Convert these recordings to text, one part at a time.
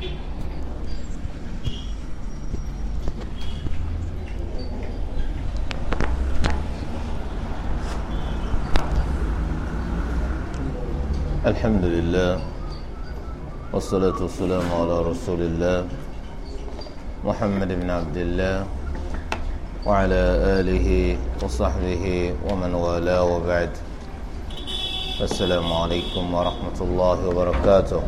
الحمد لله والصلاة والسلام على رسول الله محمد بن عبد الله وعلى آله وصحبه ومن والاه وبعد السلام عليكم ورحمة الله وبركاته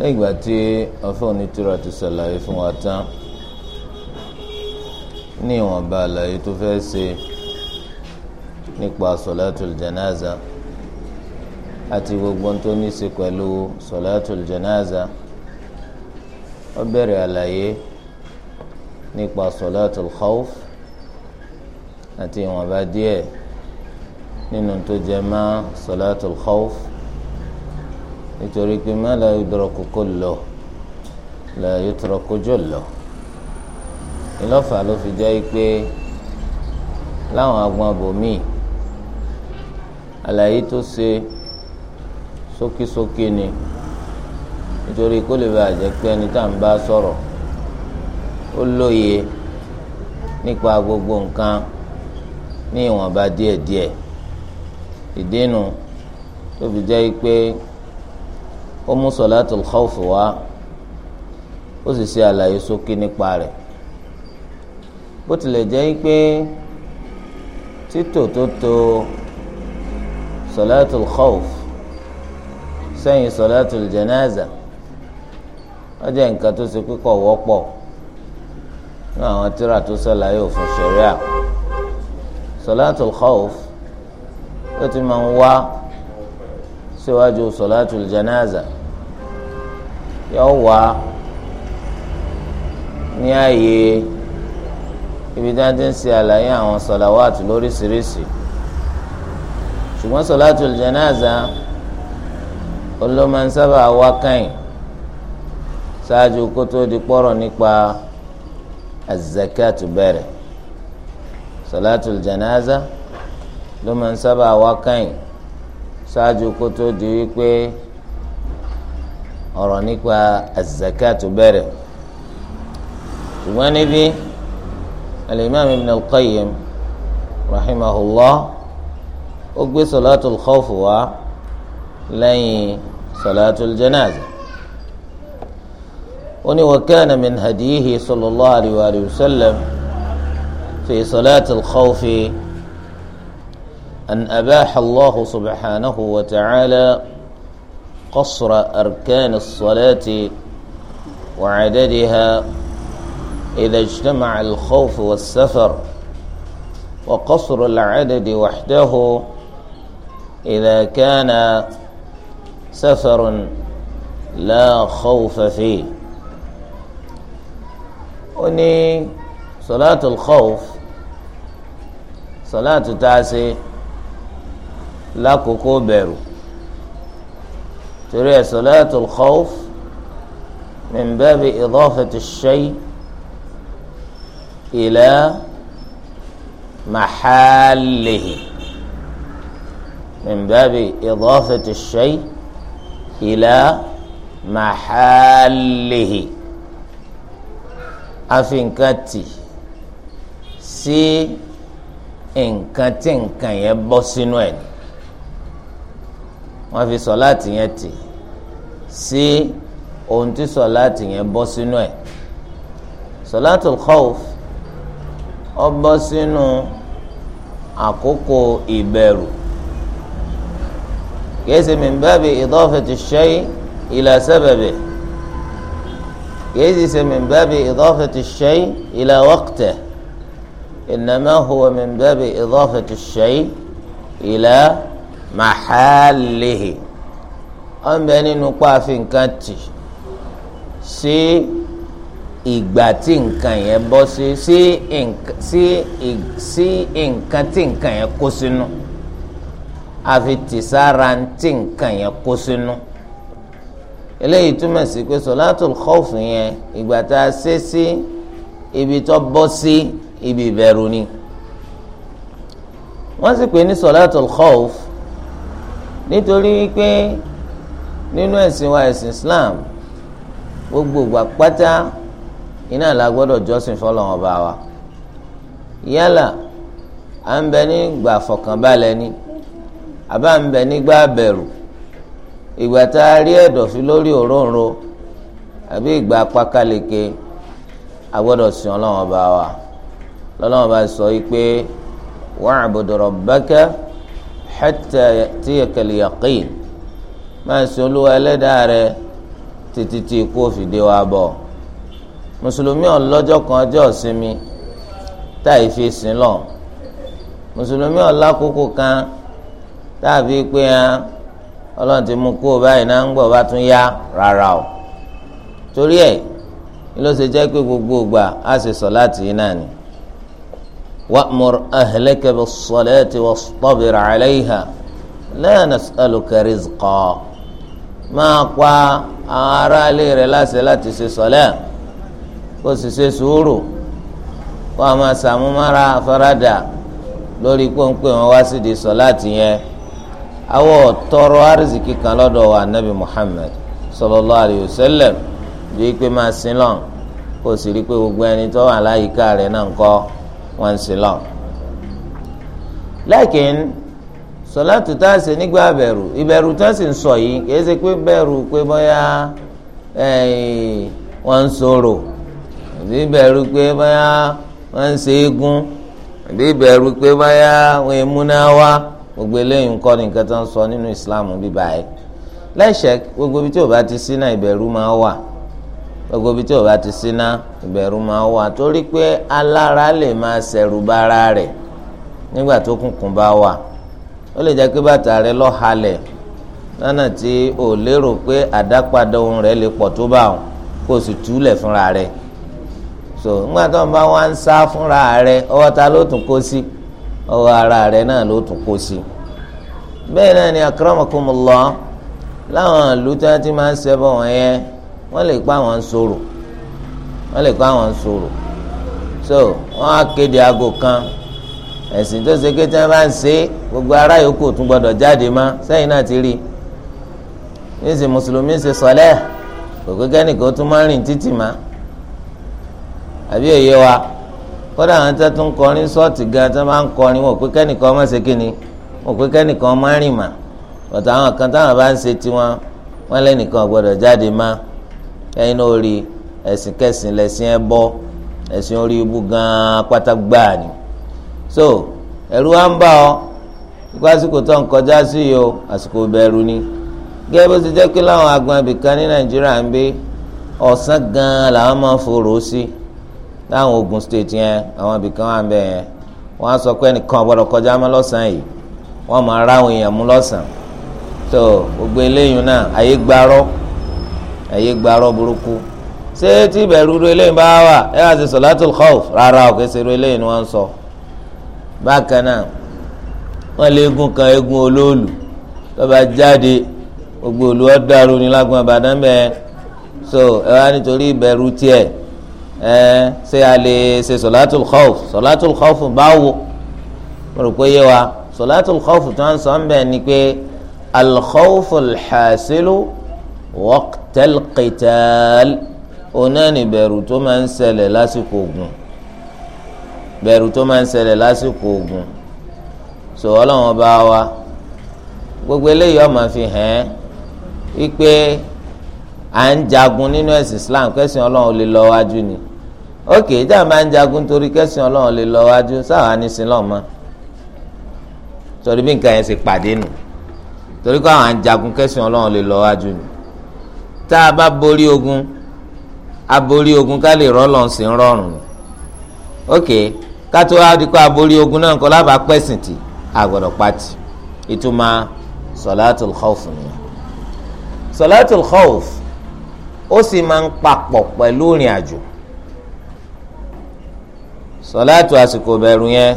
lẹ́yìn ìgbà tí ọ̀fọ̀ onítìrọ̀ ti ṣàlàyé fún wa tán ní ìwọ̀nba àlàyé tó fẹ́ ṣe nípa sọ̀látùl jẹnáza àti gbogbo tó ní ṣe pẹ̀lú sọ̀látùl jẹnáza ó bẹ̀rẹ̀ àlàyé nípa sọ̀látùl khawf àti ìwọ̀nba díẹ̀ nínú tó jẹ mọ́ sọ̀látùl khawf nítorí pé má la yudraku kullu la yutraku jullu ìlọ́fà ló fi jẹ́ pé láwọn agbọn abòmíì àlàyé tó ṣe ṣókíṣókí ni nítorí kó lè bàa jẹ́ pé ẹni tá à ń bá sọ̀rọ̀ ó lóye nípa gbogbo nǹkan ní ìwọ̀nba díẹ̀díẹ̀ ìdínú tó fi jẹ́ pé ó mú sọláàtù khawfu wá ó sì ṣe àlàyé sókè nípa rẹ̀ bó tilẹ̀ jẹ́ pé títò tó to sọláàtù khawf sẹ́yìn sọláàtù jẹnáza ó jẹ́ nǹkan tó ṣe kíkọ̀ wọ́pọ̀ ní àwọn tíra tó ṣàlàyé òfin ṣẹ̀ríà sọláàtù khawf ó ti máa ń wá síwájú sọláàtù jẹnáza yóò wá ní ààyè ibi tí wọ́n ti ń ṣe àlàyé àwọn sọ̀làwàtì lóríṣiríṣi ṣùgbọ́n sọ̀làtì jánásà olóman sábà wá kẹ́yìn ṣáájú kó tó di pọ́rọ̀ nípa az-zakatu bẹ̀rẹ̀ sọ̀làtì jánásà ló máa wá kẹ́yìn ṣáájú kó tó di wípé ọ̀rọ̀ nípa az-zakatu bẹ̀rẹ̀ ṣùgbọ́n níbí al-imam ibn al-qayyim rahimahullah ó gbé salatul khawf wá lẹ́yìn salatul janaza ó ní wa kana min hadiyihi sallallahu alayhi wa sallam fi salatul khawfi an abaha allahu subhanahu wa ta'ala. قصر أركان الصلاة وعددها إذا اجتمع الخوف والسفر وقصر العدد وحده إذا كان سفر لا خوف فيه وني صلاة الخوف صلاة تعسي لا كوكو بيرو torí ẹ̀ salatul khawf min babi idafati ash-shay ila mahallihi min babi idafati ash-shay ila mahallihi àfi nǹkan tì sí nǹkan tí nǹkan yẹn bọ́ sínú ẹ̀ ni wọ́n fi sọ̀láàtì yẹn tì sí ohun tí sọ̀láàtì yẹn bọ́ sínú ẹ̀ sọ̀láàtì khawf ó bọ́ sínú àkókò ìbẹ̀rù kìí min bábi ìdọ́fẹ̀tì ṣẹ́yí ìlà sábàbẹ̀ kìí ṣe min bábi ìdọ́fẹ̀tì ṣẹ́yí ìlà waqtẹ̀ ìnàmáhùwà min ìdọ́fẹ̀tì ṣẹ́yí ìlà mahalihi ọ̀nbẹ nínú pààfin nǹkan tì sí ìgbà tí nǹkan yẹn bọ́ sí sí nǹkan tí nǹkan yẹn kó sínú àfi tìsára tí nǹkan yẹn kó sínú eléyìí túmọ̀ sí pé sọláàtúl khawf yẹn ìgbà tá a ṣe sí ibi tó bọ́ sí ibi ìbẹ̀rù ni wọ́n sì pè ní sọláàtúl khawf nítorí wípé nínú ẹ̀sìn wa ẹ̀sìn Islam gbogbo ìgbà iná la gbọ́dọ̀ jọ́sìn fọlọ́wọn bá wa yálà à ń bẹ nígbà fọkànbalẹ̀ ni àbá ń bẹ nígbà bẹ̀rù ìgbà tá a rí ẹ̀dọ̀fín lórí òróǹro àbí ìgbà pákáleke a gbọ́dọ̀ sìn ọlọ́wọ́n bá wa lọ́lọ́wọ́n bá sọ yìí pé wa'budu rabbaka hatta ya'tiyaka al-yaqin máa ṣe olúwa ẹlẹ́dàá rẹ títí tí ikú òfìdé wa bọ̀ mùsùlùmí ọlọ́jọ́ kan ọjọ́ ìsinmi táì fi sin lọ mùsùlùmí ọlákòókò kan tàbí pé ọlọ́run ti mú kó báyìí náà ń gbọ̀ bá tún yá rárá o torí ẹ̀ ló ṣe jẹ́ pé gbogbo ìgbà á ṣe sọ láti yín náà ni. وأمر أهلك بالصلاة واصطبر عليها لا نسألك رزقا ما pa àwọn aráalé rẹ láṣẹ láti ṣe sọlẹ kó sì ṣe sùúrù kó a máa ṣàmúmára àfaradà lórí pọ́ńpẹ́ wọn wá sídìí sọláàtì yẹn àwọn tọrọ àrísìkí kan lọ́dọ̀ wa nabi Muhammad sallallahu alayhi bíi pé máa sin lọ́n kó sì rí i pé gbogbo ẹni tó wà láyìíká rẹ̀ náà ń kọ́ wọ́n si sin lọ. lẹ́kìn sọláàtù tá a ṣe nígbà bẹ̀rù ìbẹ̀rù tó ń ń sọ yìí kìí ṣe pé bẹ̀rù pé bóyá wọ́n ń sọ̀rọ̀ àbí pé bóyá wọ́n ń ṣe eégún àbí pé wá gbogbo eléyìí tó ń sọ nínú gbogbo ibi tí o bá ti síná ìbẹ̀rù máa wà torí pé alára lè máa ṣẹ̀rù bára rẹ̀ nígbà tó kùnkùn bá wà ó lè jẹ́ pé bàtà rẹ̀ lọ halẹ̀ lọ́nà tí o lérò pé àdápadà ohun rẹ̀ lè pọ̀ tó bá wọn kó o sì túlẹ̀ fúnra rẹ̀ so nígbà tó ń bá wá ń sá fúnra rẹ̀ ọwọ́ ta ló tún kó sí ọwọ́ ara rẹ̀ náà ló tún kó sí bẹ́ẹ̀ náà ni akramakumullah láwọn ìlú tí wọ́n ti máa ń ṣẹbọ wọn yẹn wọ́n lè pa àwọn ń sọ̀rọ̀ wọ́n lè pa àwọn ń so wọ́n á kéde aago kan ẹ̀sìn tó ṣe kété bá ń ṣe gbogbo ará yòókù tún gbọ́dọ̀ jáde má sẹ́yìn náà ti rí ní sè mùsùlùmí ṣe sọlẹ́ kò pé kẹ́nìkan tún máa ń rìn títì má àbí òye wa kódà àwọn tó tún kọrin sọ́ọ̀tì gan tó máa ń kọrin wọ́n pé kẹ́nìkan ọmọ ṣe kíni wọ́n pé kẹ́nìkan máa rìn má bàtà àwọn kan táwọn bá ń ṣe tiwọn wọ́n lẹ́nìkan gbọ́dọ̀ jáde má ẹ̀yin náà rí ẹ̀sìn kẹsìn lẹ̀sìn ẹ bọ́ ẹ̀sìn orí ibú gan pátá gbáà ni so ẹ̀rù wa ń bà ọ́ ikú àsìkò tó ń kọjá sí yìí o àsìkò bẹ̀rù ni gẹ́gẹ́ bó ti jẹ́ pé láwọn agbọn ibìkan ní nàìjíríà ń gbé ọ̀sán gan-an làwọn máa ń forò sí láwọn Ogun State yẹn àwọn ibìkan wà ń bẹ̀ yẹn wọ́n á sọ pé ẹnìkan gbọ́dọ̀ kọjá mọ́ lọ́sàn yìí wọ́n máa ráwọn èèyàn mú lọ́sàn tó gbogbo eléyìí náà ayé gbarọ́ ẹ̀yẹ gbarọ́ burúkú ṣé tí ìbẹ̀rù ru eléyìí bá wà ẹ wá sí sọ̀látùl khawf rárá ò kéṣe ru eléyìí ni wọ́n ń sọ. bákan náà wọ́n lé eégún kan eégún olóòlù lọ́ba jáde gbogbo olú ọ̀dàrú ni lágbọ́n àbàdàn bẹ́ẹ̀ so ẹ wá nítorí ìbẹ̀rù tiẹ̀ ẹ ṣé a lè ṣe sọ̀látùl khawf sọ̀látùl khawf báwo mo rò pé yé wa sọ̀látùl khawf tó ń sọ ń bẹ̀ ni pé al khawful waqtal qital ọ̀nà ni bẹ̀rù tó máa ń ṣẹlẹ̀ lásìkò ogun bẹ̀rù tó máa ń ṣẹlẹ̀ lásìkò ogun sọ ọlọ́run ọba wa gbogbo eléyìí ó máa fi hàn ẹ́ wípé à ń jagun nínú ẹ̀sìn Islam kẹ́sìn ọlọ́run lè lọ wájú ni ókè tá a máa ń jagun torí kẹ́sìn ọlọ́run lè lọ wájú sáà ní sin lọ́mọ torí bí nǹkan yẹn ṣe pàdé nù torí kó àwọn à ń jagun kẹ́sìn ọlọ́run lè lọ wájú ni tá a bá borí ogun a borí ogun ká lè rọ́lọ́ sí ń rọrùn ok ká tó a di kó a borí ogun náà kó lábàá pẹ̀sìn tì a gbọ́dọ̀ pati ìtumọ̀ sọláàtúl khawf nìyẹn sọláàtúl khawf ó sì máa ń papọ̀ pẹ̀lú ìrìn àjò sọláàtù àsìkò bẹ̀rù yẹn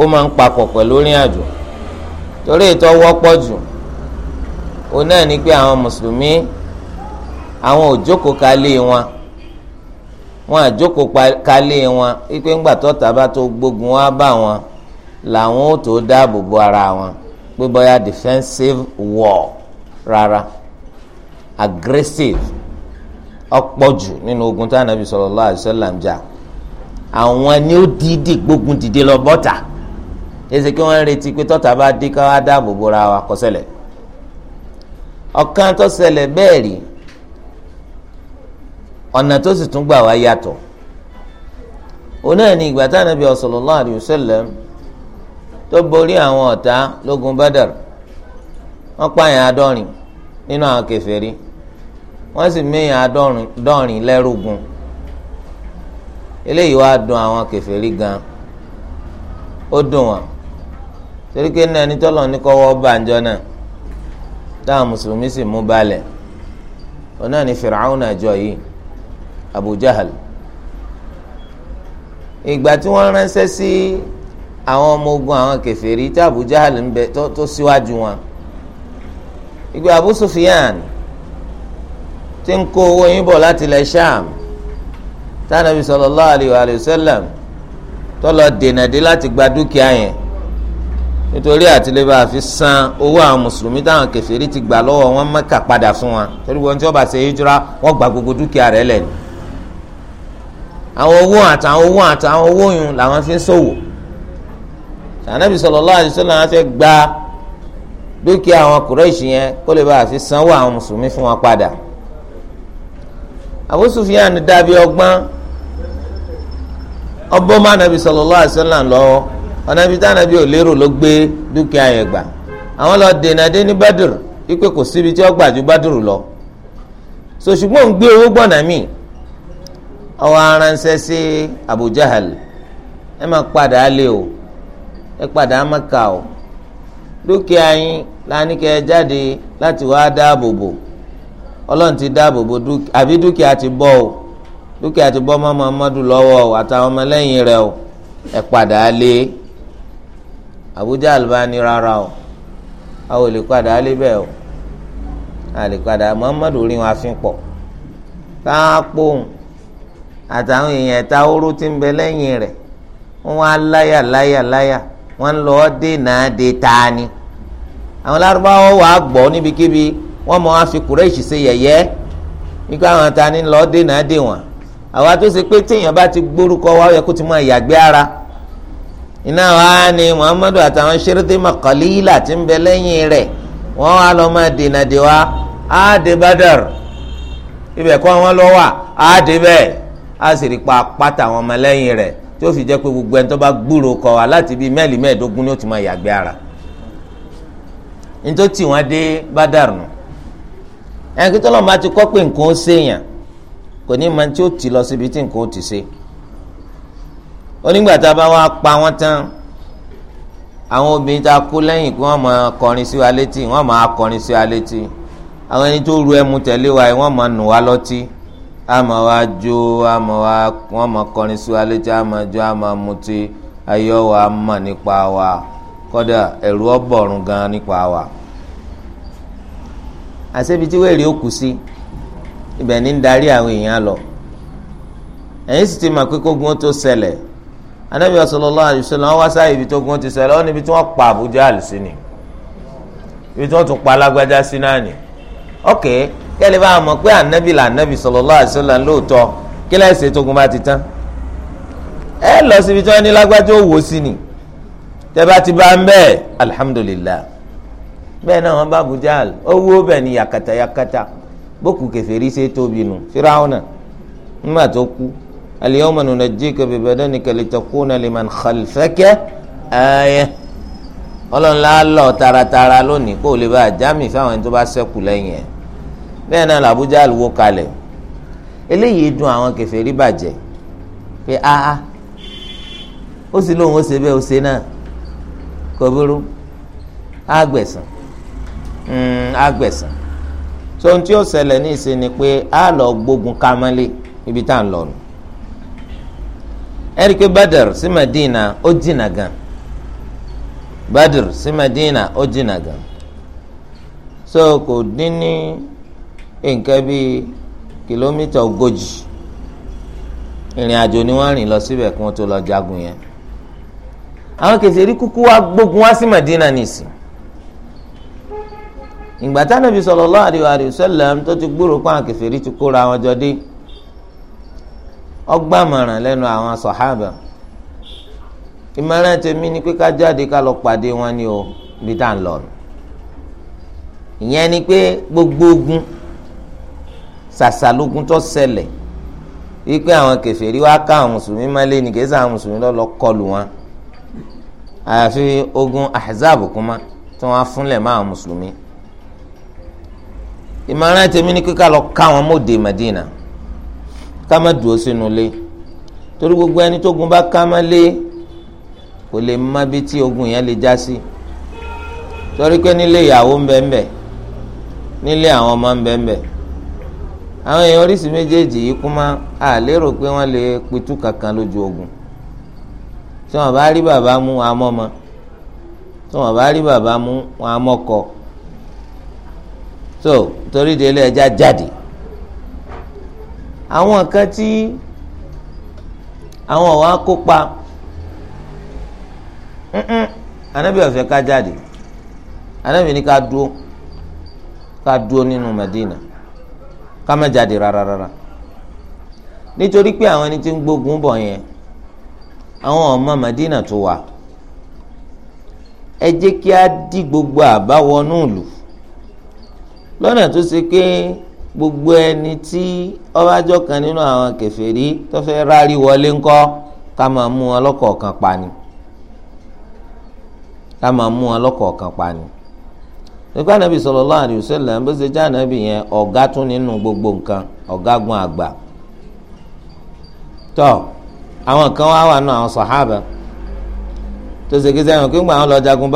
ó máa ń papọ̀ pẹ̀lú ìrìn àjò torí ìtọ́wọ́pọ̀ jù ó náà ní pé àwọn mùsùlùmí àwọn òjókòó kalé wọn wọn àjókòó kalé wọn ńgbà tọ́ta bá tó gbógun wá bá wọn làwọn ò tó dáàbò bo ara wọn pé bóyá defensive war rárá aggressive ọ̀pọ̀jù nínú ogun tí anabi sallallahu alaihi wasallam jà àwọn ni ó dídì gbógun dìde lọ bọ́tà èsì kí wọ́n ń retí pé ara wa ọ̀nà tó sì tún gbà wá yàtọ̀ ni ìgbà táwọn Ànábì sallallahu alayhi bori tó borí àwọn ọ̀tá lógun wọ́n pààyàn àádọ́rin nínú àwọn kèfèrí wọ́n sì méyàn àádọ́rin lẹ́rùgùn eléyìí wá dùn àwọn kèfèrí gan ó dùn wọ́n torí pé náà nítọ́lọ̀ ní kọ́wọ́ bàjọ́ náà táwọn mùsùlùmí sì mú balẹ̀ òun ni Fir'auna àjọ yìí Abu Jahal ìgbà tí wọ́n ránṣẹ́ sí àwọn ọmọ ogun àwọn kèfèrí tí Abu Jahal ń bẹ tó síwájú wọn ìgbà Abu Sufyan tí ń kó owó yín bọ̀ láti ilẹ̀ Sham tánàbí sallallahu alayhi wa sallam tó lọ dènà dé láti gba dúkìá yẹn nítorí àtìlẹ́bà àfi san owó àwọn mùsùlùmí táwọn kèfèrí ti gbà lọ́wọ́ wọn Mẹ́kà padà fún wa torí wọn tí wọ́n bá ṣe hijira wọ́n gba gbogbo dúkìá rẹ̀ lẹ́nu àwọn owó àtàwọn owó àtàwọn owó yun làwọn fi ń ṣòwò sànàbì sallallahu alaihi wasallam àwọn fẹ́ gba dúkìá àwọn Kùrẹ́ṣì yẹn kó lè bá àfi sanwó àwọn mùsùlùmí fún wọn padà Abu Sufyan dàbí ọgbọ́n ọbọ má nàbì sallallahu alaihi wasallam lọ́wọ́ ọ̀nàbí tànàbí ò lérò ló gbé dúkìá yẹn gbà àwọn lọ dènà dé ní Badr ipe kò síbi tí ó gbà ju Badr lọ so ṣùgbọ́n òun gbé owó gbọ̀nà míì ọwọ́ aránṣẹ́ sí Abu Jahal ẹ máa padà lé o ẹ padà Mẹ́kà o dúkìá yín lání kẹ́ ẹ jáde láti wá dáàbò bò ọlọ́run ti dáàbò bò dúkìá àbí dúkìá ti bọ́ o dúkìá ti bọ́ mọ́ Muhammadu lọ́wọ́ o àtàwọn ọmọlẹ́yìn rẹ̀ o ẹ padà lé Abu Jahal bá ní rárá o àwọn olè padà lé bẹ́ẹ̀ o àlè padà rí wọn àfin pọ̀ táà pòun. àtàwọn èèyàn ẹ̀ta oró ti ń bẹ lẹ́yìn rẹ̀ wọ́n á láyà láyà láyà wọ́n ń lọ dé de tani àwọn lárúbáwọ̀ wà á gbọ́ níbikíbi wọ́n mọ̀ á fi kùrẹ́ẹ̀sì ṣe yẹ̀yẹ́ nípa àwọn ni lọ de àwa tó ṣe pé bá ti gbórúkọ yẹ kó ti mọ ara iná wa muhammadu àtàwọn ti ń bẹ lẹ́yìn rẹ̀ wọ́n lọ máa dènà de wa á dé Badar ibẹ̀ kọ́ wọn lọ wà á sì rí pa pátá àwọn ọmọlẹ́yìn rẹ̀ tí ó fi jẹ́ pé gbogbo ẹni tó bá gbúrò kọ wa láti bíi mẹ́ẹ̀lì mẹ́ẹ̀ẹ́dógún ni ó ti máa yàgbé ara nítorí tí wọ́n dé Badar nù ẹni kí tọ́lọ́mù bá ti kọ́ pé nǹkan ó séèyàn kò ní máa tí ó ti lọ síbi tí nǹkan ó ti ṣe onígbà tá a bá wá pa wọ́n tán àwọn obìnrin tá a kó lẹ́yìn kí wọ́n máa kọrin sí wa létí wọ́n máa kọrin sí wa létí àwọn ẹni tó ru ẹmu tẹ̀lé wa yìí wọ́n máa nù wá lọ́tí ama wa jó ama wa wọn ma kọrin sí wa létí ama jó ama mutí ayọ wa ma nípa wa kódà ẹ̀rù ọbọrun gan nípa wa. àṣebi tí wẹ́ẹ̀rì ó kù sí ibẹ̀ ní ń darí àwọn èèyàn lọ ẹ̀yìn sì ti mà pé kógun tó ṣẹlẹ̀ anábì sallallahu alaihi wọn wá ibi tó gun ti ṣẹlẹ̀ wọn níbi tí wọ́n pa Abu Jahl ni ibi tí wọ́n tún pa alágbájá sí náà ni. okay kẹ́lẹ́ bá mọ̀ pé ànábì là ànábì sallallahu alaihi wasallam lóòótọ́ kí lẹ́yìn ṣètò ogun bá ti tán ẹ lọ síbi tí wọ́n ní lágbájá òwò sí ni tẹ́bá ti bá ń bẹ́ẹ̀ alhamdulillah bẹ́ẹ̀ náà wọ́n bá Abuja owó bẹ́ẹ̀ ni yakata yakata bókù kẹfẹ́rí ṣe tóbi nù Firawuna nígbà tó kú al-yawma nunajjika bi badanika litakuna liman khalfaka ayah ọlọ́run lá lọ taratara lónìí kó o lè bá a jámì fáwọn ẹni tó bá ṣẹ́kù lẹ́yìn ẹ̀. bẹ́ẹ̀ náà làbújá àlùwò kalẹ̀ eléyìí dùn àwọn kèfèrí bàjẹ́ pé áá ó sì lóun ó ṣe bẹ́ẹ̀ ó ṣe náà kò burú àgbẹ̀sán àgbẹ̀sán hmm, tó ohun tí ó ṣẹlẹ̀ ní ìsìn ni pé a lọ gbógun kámálẹ̀ ibi tá à ń lọ nù ẹ̀rí pé Badr sí ó jìnnà gan Badr ó jìnnà gan so kò dín ní. nǹkan bíi kìlómítà ogójì ìrìn àjò ni wọ́n rìn lọ síbẹ̀ kí wọ́n tó lọ jagun yẹn àwọn kèsìrí kúkú wá gbógun wá sí Madina nìsín ìgbà tánàbí sallallahu alaihi wasallam tó ti gbúrò pa àwọn kèsìrí ti kóra wọn jọ dé ọgbàmọ̀ràn lẹ́nu àwọn sọ̀hábà ìmọ̀ràn tèmi ni pé ká jáde ká lọ pàdé wọn ni o bí tá ń lọ ìyẹn ni pé gbogbo ogun sàṣàlógún tó ṣẹlẹ̀ wípé àwọn kèfèrí wá ká àwọn mùsùlùmí má lé ní kèésà àwọn mùsùlùmí lọ́lọ́ kọlù wọn àyàfi ogun ahzab kuma tí wọ́n á fúnlẹ̀ má àwọn mùsùlùmí ìmọ̀ràn tèmi ni kíkà lọ ká àwọn mòde Madina ká má dùn ó sínú ilé torí gbogbo ẹni tó gun bá ká má lé kò lè má bí tí ogun yẹn lè já sí torí pé nílé ìyàwó ń bẹ nílé àwọn ọmọ ń bẹ àwọn èèyàn oríṣi méjèèjì yìí kú mọ́ a lérò pé wọ́n lè pitú kankan lójú ogun tí wọ́n bá rí bàbá mú wọn amọ́mọ tí wọ́n bá rí bàbá mú wọn amọ́kọ so torí délé ẹja jáde àwọn kan tí àwọn ọ̀wá kópa anabi ọ̀fẹ́ ká jáde anabi ní ká dúró ká dúró nínú Madina. No ká má jáde rárá rárá nítorí pé àwọn ẹni tí ń gbógun bọ̀ yẹn àwọn ọmọ Madina tó wà ẹ jẹ́ kí á dí gbogbo àbáwọnú ìlú lọ́nà tó ṣe pé gbogbo ẹni tí ọbàjọ́ kan nínú àwọn kèfèrí tó fẹ́ rárí wọlé ńkọ́ ká máa mú wọn pa ni ká máa mú pa ni. nígbà nàbì sallallahu alaihi wasallam bó ṣe já nàbì yẹn ọ̀gá tún nínú gbogbo nǹkan ọ̀gágun àgbà tọ àwọn kan wá wà nù àwọn sàhábà tó ṣe kéṣe àwọn kéńgbà àwọn lọ jagun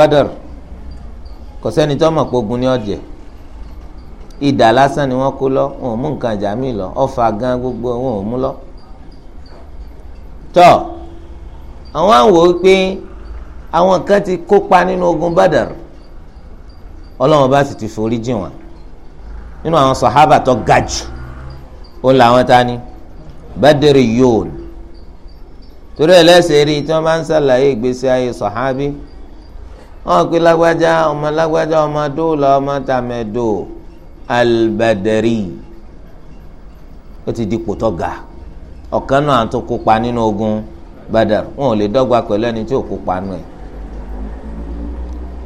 kò sẹ́ni tó mọ̀ pé ogun ni ọ̀jẹ̀ ìdà lásán ni wọ́n kó lọ wọn ò mú nǹkan ìjà mi lọ ọfà gan gbogbo wọn ò mú lọ tọ àwọn àwò pé àwọn kan ti kópa nínú ogun Badr ọlọ́run bá sì ti forí jìn wọ́n nínú àwọn sàhábà tó ga jù ó làwọn ta ni bẹ́dẹ̀rì yóò torí ẹ̀ lẹ́sẹ̀ rí tí wọ́n bá ń ṣàlàyé ìgbésí ayé sàhábì wọ́n pe lágbájá ọmọ lágbájá ọmọ dóòlà ọmọ tàmẹ̀dò albadari ó ti di kòtọ́ ga ọ̀kan náà tó kópa nínú ogun badar wọn ò lè dọ́gba pẹ̀lú ẹni tí ò kópa nù ẹ̀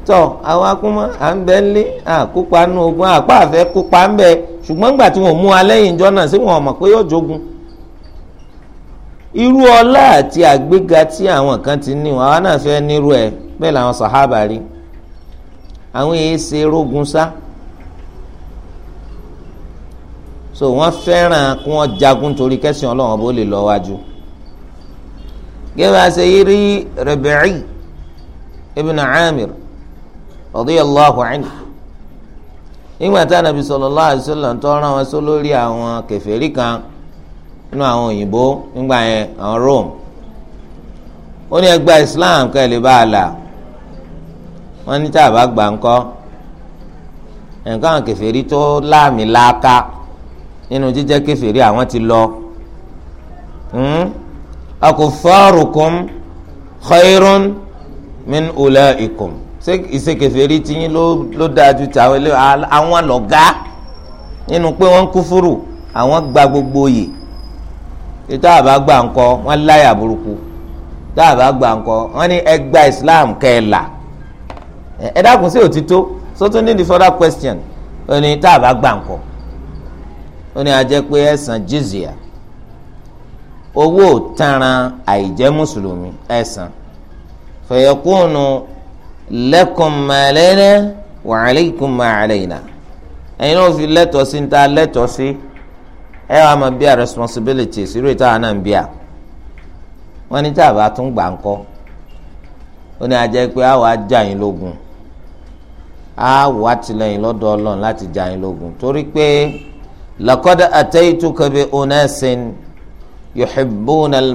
tọ àwọn akúmọ à ń bẹ ńlé àkópa nù ogun àpá àfẹ kópa ń bẹ ṣùgbọ́n gbà tí wọ́n mú alẹ́yìn ìjọ náà sí wọn mọ̀ pé yóò jogun irú ọlá àti àgbéga tí àwọn kan ti ní wọn àwa náà fẹ́ nírú ẹ̀ bẹ́ẹ̀ làwọn sàhábà rí àwọn èyí ṣe rógun sá so wọ́n fẹ́ràn kí wọ́n jagun torí kẹ́sìn Ọlọ́run bó lè lọ wájú gẹ́gẹ́ bá ṣe yí rí Rabi'i ibn Amir radiyallahu anhu nígbà tá nàbí sallallahu alaihi wasallam tó rán wọn sọ lórí àwọn kèfèrí kan nínú àwọn òyìnbó nígbà yẹn àwọn Rome ó ní ẹgbà Islam kẹ́ ẹ lè bá a là wọ́n ní tá a bá gbà ńkọ́ nǹkan àwọn kèfèrí tó láàmì láàka nínú jíjẹ́ kèfèrí àwọn ti lọ hmm? akufarukum khairun min ulaikum ṣé ìṣekèfèrí tiyín ló dáa ju tàwọn ilé àwọn lọ́gá nínú pé wọ́n ń kúfúrù àwọn gba gbogbo oyè ètò àbá gbà ńkọ wọ́n láyà burúkú tá àbá gbà ńkọ wọ́n ní ẹ gba Islam kẹlà ẹ dákun sí òtítọ́ sótún ní the further question ó ní tá àbá gbà ńkọ ó ní a jẹ́ pé ẹ san jizya owó tanran àìjẹ́ mùsùlùmí ẹ san lakum ma lana wa alaykum ma alayna ẹ̀yin náà fi lẹ́tọ̀ọ́ sí níta lẹ́tọ̀ọ́ sí ẹ wàá máa bí a responsibility irú ìta àná ń bí a wọ́n ní tí a bá tún gbà ń kọ́ ó ní ajẹ́ pé a wàá jà yín lógun a wàá tilẹ̀yìn lọ́dọ̀ ọlọ́run láti jà yín lógun torí pé laqad ataytuka bi unasin yuhibbuna al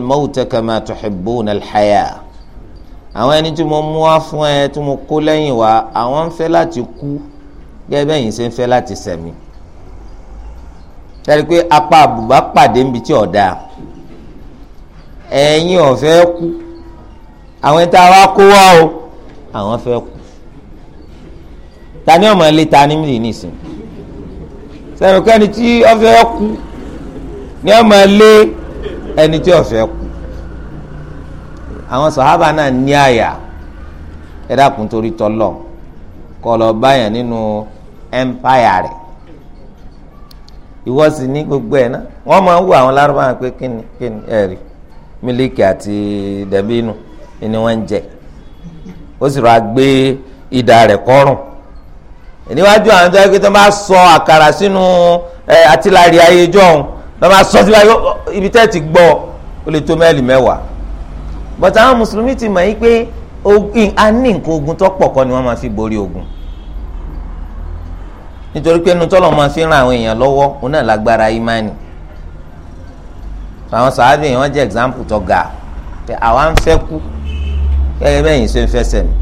kama tuhibbuna al àwọn ẹni tí mo mú wá fún ẹ tí mo kó lẹ́yìn wá àwọn ń fẹ́ láti kú gẹ́gẹ́ bẹ́yìn ṣe ń fẹ́ láti sẹ̀mí tẹ́lẹ̀ pé apá àbùbá pàdé níbi tí ọ̀dà ẹ̀yin ọ̀fẹ́ kú àwọn ẹni tá a wá kó wá o àwọn fẹ́ kú ta ni ọmọ ilé ta ni mí nìsín sẹ́nu kẹ́ni tí ọ̀fẹ́ kú ni ọmọ ilé ẹni tí ọ̀fẹ́ kú àwọn sọ̀hábà náà ní àyà ẹ dákun torí tọ́lọ̀ kọ́ lọ báyàn nínú ẹ̀mpáyà rẹ̀ ìwọ sì ní gbogbo ẹ̀ náà wọ́n máa ń wo àwọn lárúbáwọn pé kíni kíni ẹ̀ rí mílíkì àti dẹ̀bínú ni wọ́n ń jẹ ó sì rọ agbé ìdá rẹ̀ kọ́rùn níwájú àwọn tó yẹ kí tó bá sọ àkàrà sínú ẹ àtìlárí ayé jọ̀hún tó bá sọ síbi tẹ́ ti gbọ́ ó lè tó mẹ́lì mẹ́wàá but àwọn mùsùlùmí ti mọ̀ yí pé a ní nǹkan ogun tó pọ̀ kọ́ ni wọ́n máa fi borí ogun nítorí pé nutọ́lọ́ máa fi ran àwọn èèyàn lọ́wọ́ òun náà lágbára ìmánì àwọn sàábì yẹn jẹ́ example tó ga pé àwa ń fẹ́ kú gẹ́gẹ́ bẹ́ẹ̀ yìí ṣe ń fẹsẹ̀ mi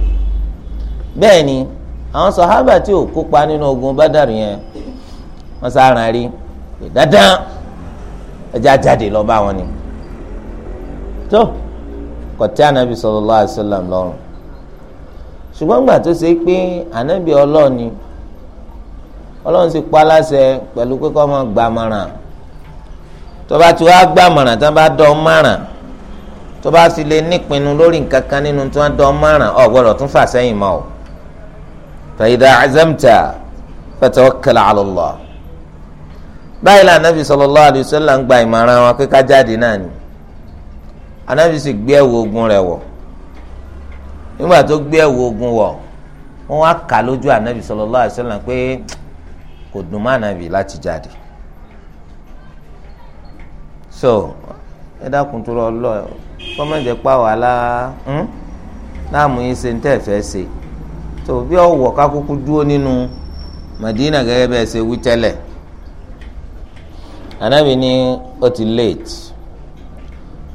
bẹ́ẹ̀ ni àwọn sàhábà tí ò kópa nínú ogun bádàrú yẹn wọ́n sáran rí pé dandan ẹja jáde lọ bá wọn ni kọtẹ́ anabi sallallahu alaihi wasallam lọ́rùn ṣùgbọ́n gbà tó ṣe pé anabi ọlọ́ọ̀ni ọlọ́run sì pa láṣẹ pẹ̀lú pé kó máa gbàmọ̀ràn tó bá ti wá gbàmọ̀ràn tó bá dán mọ̀ràn tó bá fi lè nípinnu lórí nǹkan kan nínú tó wá dán mọ̀ràn ọ̀ gbọ́dọ̀ tún fà sẹ́yìn mọ́ ọ. fa idha azamta fatawakkal ala báyìí lànà bí sallallahu ń gba ìmọ̀ràn wọn pé jáde náà ni anabi sì gbé ẹ̀wù ogun rẹ̀ wọ̀ nígbà tó gbé ẹ̀wù ogun wọ̀ wọ́n wá kà lójú anabi sallallahu alaihi wasallam pé kò dùn mọ́ anabi láti jáde so ẹ dákun tó lọ lọ kọ́mọ̀jẹ pa wàhálà láàmú yín ṣe ń tẹ̀ fẹ́ ṣe tó bí ọ̀wọ̀ kákúkú dúró nínú Madina gẹ́gẹ́ bẹ́ẹ̀ ṣe wí tẹ́lẹ̀ anabi ni ó ti late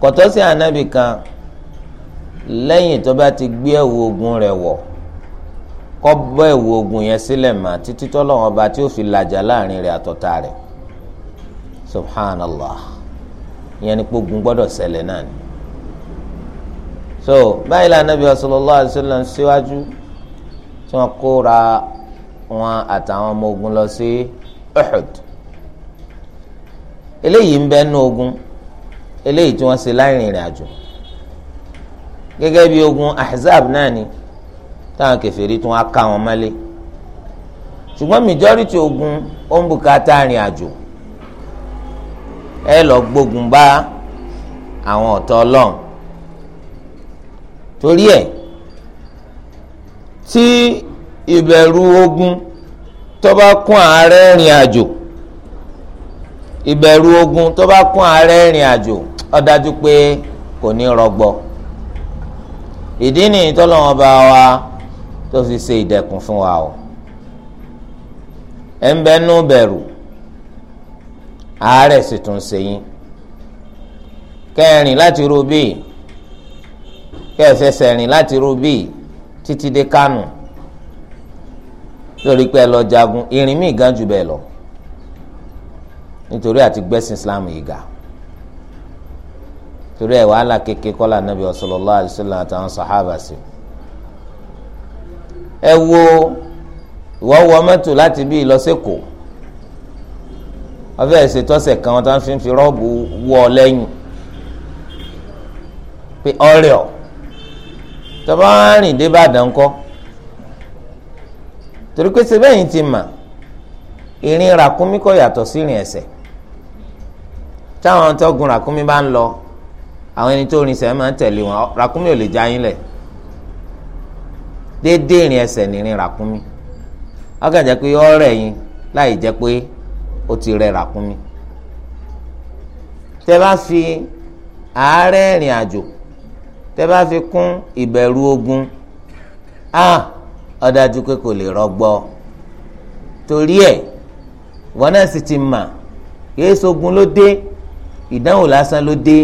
kọ̀tọ́ sí ànábì kan lẹ́yìn tó bá ti gbé ẹ̀wù ogun rẹ̀ wọ̀ kọ́ bọ́ ẹ̀wù ogun yẹn sílẹ̀ mà títí tọ́lọ́wọ́n bá tí ó fi làjà láàrin rẹ̀ àtọ̀tá rẹ̀ subhanallah ìyẹn ni pé ogun gbọ́dọ̀ ṣẹlẹ̀ náà ni so báyìí lànàbí sallallahu alaihi wasallam síwájú tí wọ́n kóra wọn àtàwọn ọmọ ogun lọ sí Uhud eléyìí ń bẹ́ẹ̀ nú ogun eléyìí tí wọ́n ṣe láì rìnrìn àjò gẹ́gẹ́ bí ogun ahzab náà ni táwọn kèfèrí tí wọ́n á ká wọn mọ́lé ṣùgbọ́n majority ogun ó ń bùkátà rìn àjò ẹ lọ gbógun bá àwọn ọ̀tọ̀ ọlọ́run torí ẹ̀ tí ìbẹ̀rù ogun tó bá kún ààrẹ rìn àjò ìbẹ̀rù ogun tó bá kún ààrẹ rìn àjò ó dájú pé kò ní rọgbọ ìdí nìyí tọ́lọ́wọ́n bá wa tó fi ṣe ìdẹ̀kùn fún wa o ẹ̀ ń bẹ́nu bẹ̀rù àárẹ̀ sì tún ṣe yín kẹrin láti ru bíi kẹfẹsẹ rìn láti ru bíi títí dé kánò lórí pé ẹ lọ jagun irin míì gan jù bẹ́ẹ̀ lọ nítorí àti gbẹ́sìn Islam yìí ga torí ẹ̀ wàhálà kékeré kọ́lá nàbí sallallahu alaihi wasallam àtàwọn sàhábà sí. ẹ wo ìwọ wọ mọ́tò láti bí ìlọsẹ́kọ̀ọ́ wọ́n fẹ́ẹ́ ṣètọ́sẹ̀ kan wọn tó ń fi fi rọ́ọ̀bù wọ lẹ́yìn pé ọ̀rẹ́ ọ̀ tọ́ba wọn rìn dé Ìbàdàn kọ́ torí pé sẹ́bẹ̀yìn ti mà ìrìn ràkúnmí kọ́ yàtọ̀ sí ìrìn ẹsẹ̀ táwọn tó ràkúnmí bá ń lọ àwọn ẹni tó rin sẹ máa ń tẹ̀lé wọn ràkúnmí ò lè já yín lẹ̀ déédéé ìrìn ẹsẹ̀ nìrin ràkúnmí ọkàn jẹ́ pé ó rẹ̀ yín láì jẹ́ pé ó ti rẹ̀ ràkúnmí tẹ́ bá fi àárẹ̀ ìrìn àjò tẹ́ bá fi kún ìbẹ̀rù ogun a ó dájú pé kò lè rọgbọ torí ẹ̀ wọn náà sì ti mà kí èso ogun ló dé ìdánwò lásán ló dé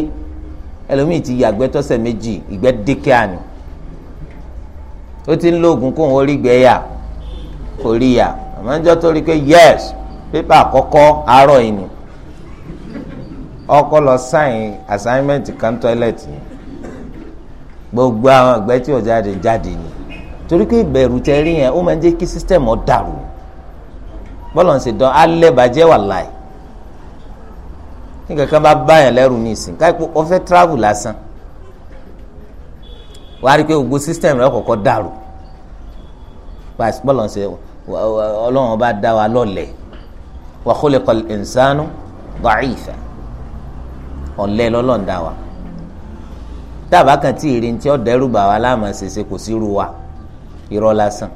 ẹlòmíì ti yàgbẹ́ tọ́sẹ̀ méjì ìgbẹ́ dékè àná ó ti ń lóògùn kóun ó rí gbẹ́ yà kò rí yà àmọ́ ń jọ́ tó rí pé yes pépà àkọ́kọ́ àárọ̀ yìí ni ọkọ lọ sáìn assignment kan toilet ni gbogbo àwọn ìgbẹ́ tí ò jáde jáde ni torí pé ìbẹ̀rù tẹ rí yẹn ó máa ń jẹ́ kí system ọ̀ dàrú bọ́lọ̀ ń ṣe dán alẹ́ bàjẹ́ wà láì ní kankan bá báyàn lẹ́rù ní ìsìn káyipò ọfẹ́ travel lásán wàá rí i pé gbogbo system rẹ kọ̀ọ̀kan dàrú bọ́lọ̀ ń ṣe ọlọ́run bá dá wa lọ́lẹ̀ wa khuliqal insanu da'ifa ọ̀lẹ́ lọ́lọ́run dá wa dábàá kan tí ìrìn tí ó dẹ́rù bà wá láàmú ṣèṣe kò sí ru wa irọ́ lásán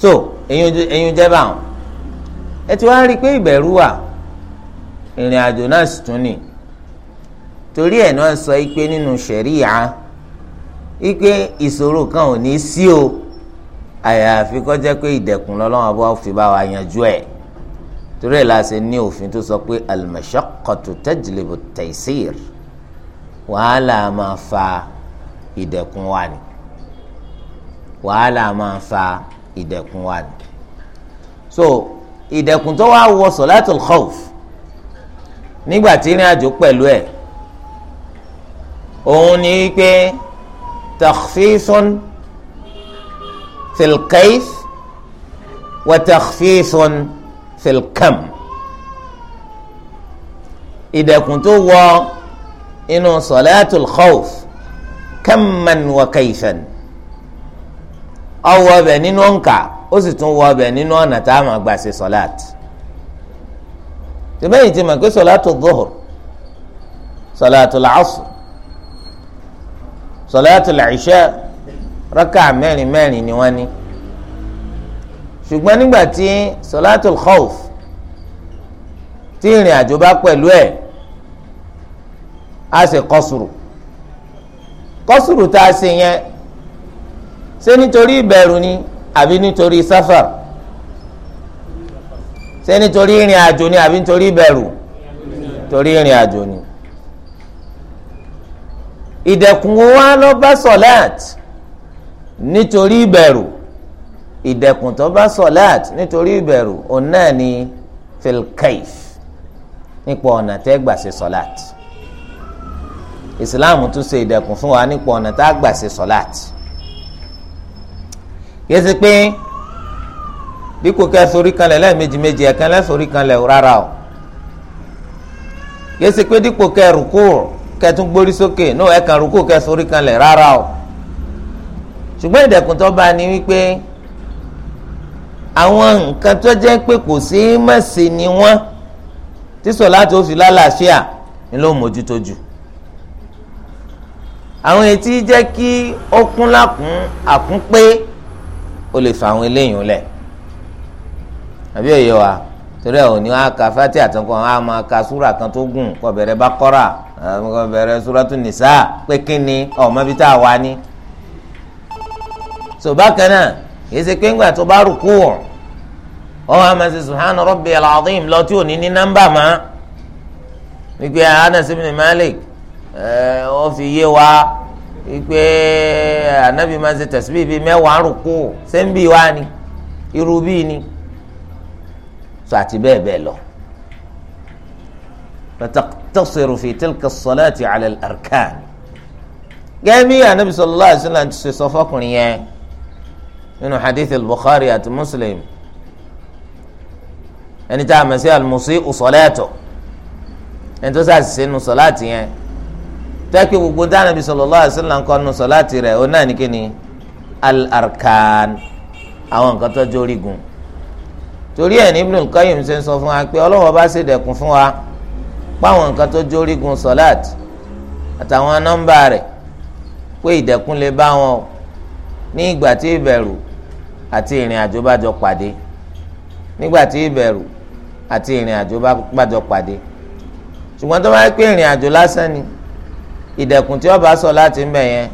so èyí jẹ́ báwọn ẹ ti wá rí i pé ìbẹ̀rù wà ìrìn àjò náà sì tún ni torí ẹ̀ náà sọ pé nínú ṣẹ̀ríyà wípé ìṣòro kan ò ní sí o àyàfi kó jẹ́ pé ìdẹ̀kùn lọ́lọ́wọ́n bá fi bá wa yanjú ẹ̀ torí ẹ̀ la ṣe ní òfin tó sọ pé al-mashaqqatu tajlibu at-taysir wàhálà máa fa ìdẹ̀kùn wa ni wàhálà máa fa ìdẹ̀kùn wa ni so ìdẹ̀kùn tó wá wọ solatul khawf nígbà tí ìrìn àjò pẹ̀lú ẹ̀ òun ni pé takhfisun filkais wa takhfisun filkam ìdẹ̀kùn tó wọ inú salatul khawf kamman wa kaifan ọwọ́ ọbẹ̀ nínú òǹkà ó sì tún wọ ọbẹ̀ nínú ọ̀nà tá a máa gbà ṣe sọ̀láàtì tẹ́bẹ́yìn ti mọ̀ pé sọ̀látù dhuhr sọ̀látù làásù sọ̀látù làìṣá rákà mẹ́rin mẹ́rin ni wọ́n ní ṣùgbọ́n nígbà tí sọ̀látù khawf tí ìrìn àjò bá pẹ̀lú ẹ̀ a sì kọ́sùrù kọ́sùrù tá a ṣe yẹn ṣé nítorí ìbẹ̀rù ni àbí nítorí sáfàrù ṣé nítorí ìrìn àjò ni àbí nítorí ìbẹ̀rù torí ìrìn àjò ni. ìdẹ̀kùn wa lọ bá sọ̀láàt nítorí ìbẹ̀rù ìdẹ̀kùn tó bá sọ̀láàt nítorí ìbẹ̀rù òun náà ni filkaif nípa ọ̀nà tẹ́ gbà ṣe sọ̀láàt ìsìláàmù tún ṣe ìdẹ̀kùn fún wa nípa ọ̀nà tá gbà ṣe sọ̀láàt yẹ́sì pé bí kò kẹ́ sórí kanlẹ̀ lẹ́ẹ̀mejì méjì ẹ̀kan lẹ́sórí kanlẹ̀ rárá o yéésì pé dípò kẹ́ rúkú kẹ́tún gbórí sókè náà ẹ̀kan rúkú kẹ́ sórí kanlẹ̀ rárá o ṣùgbọ́n ìdẹ̀kùn tó bá ní wípé àwọn nǹkan tó jẹ́ pé kò sí mọ̀sí ni wọ́n tí sọ̀lá tó fi lálàáfíà ni ló mójútó jù àwọn etí jẹ́ kí ó kún lákùn àkún pé o lè fa àwọn eléyìí lẹ̀ àbí òye wa torí ò ní wá ka fati àtúnkọ á máa ka kan tó gùn kó bẹ̀rẹ̀ Baqara kó bẹ̀rẹ̀ pé ni ọmọ bíi so bákan náà yìí ṣe pé tó bá rúkú ọ̀ ọ́ wá máa ṣe subhana lọ Malik fi yé wa wípé anabi máa ṣe bíi mẹ́wàá sẹ́ńbì wa ni irú bíi ni. so àti bẹ́ẹ̀ bẹ́ẹ̀ lọ. fataqtasiru fi tilka salati ala al-arkan. gẹ́gẹ́ bí anabi sallallahu alaihi wasallam ti ṣe sọ fọkùnrin yẹn nínú hadith al-bukhari àti muslim ẹni tá a mọ̀ sí al-musi'u salatahu ẹni tó sáà ṣe nu sọláàtì yẹn tẹ́kí gbogbo dáná bí sallallahu alaihi ń kọ́ nu sọláàtì rẹ̀ ó náà ní kíni al-arkan àwọn nǹkan tó jó orígun torí ẹ̀ ní Ibnul Qayyim ṣe ń sọ fún wa pé Ọlọ́hun bá ṣe dẹ̀kun fún wa páwọn nǹkan tó jórígun sọ́láàt àtàwọn nọ́mbà rẹ̀ pé ìdẹ̀kun lè bá wọn o ní ìgbà tí ìbẹ̀rù àti ìrìn àjò bá jọ pàdé nígbà tí ìbẹ̀rù àti ìrìn àjò bá jọ pàdé ṣùgbọ́n tó bá pé ìrìn àjò lásán ni ìdẹ̀kùn tí ọba sọ láti ń bẹ̀ yẹn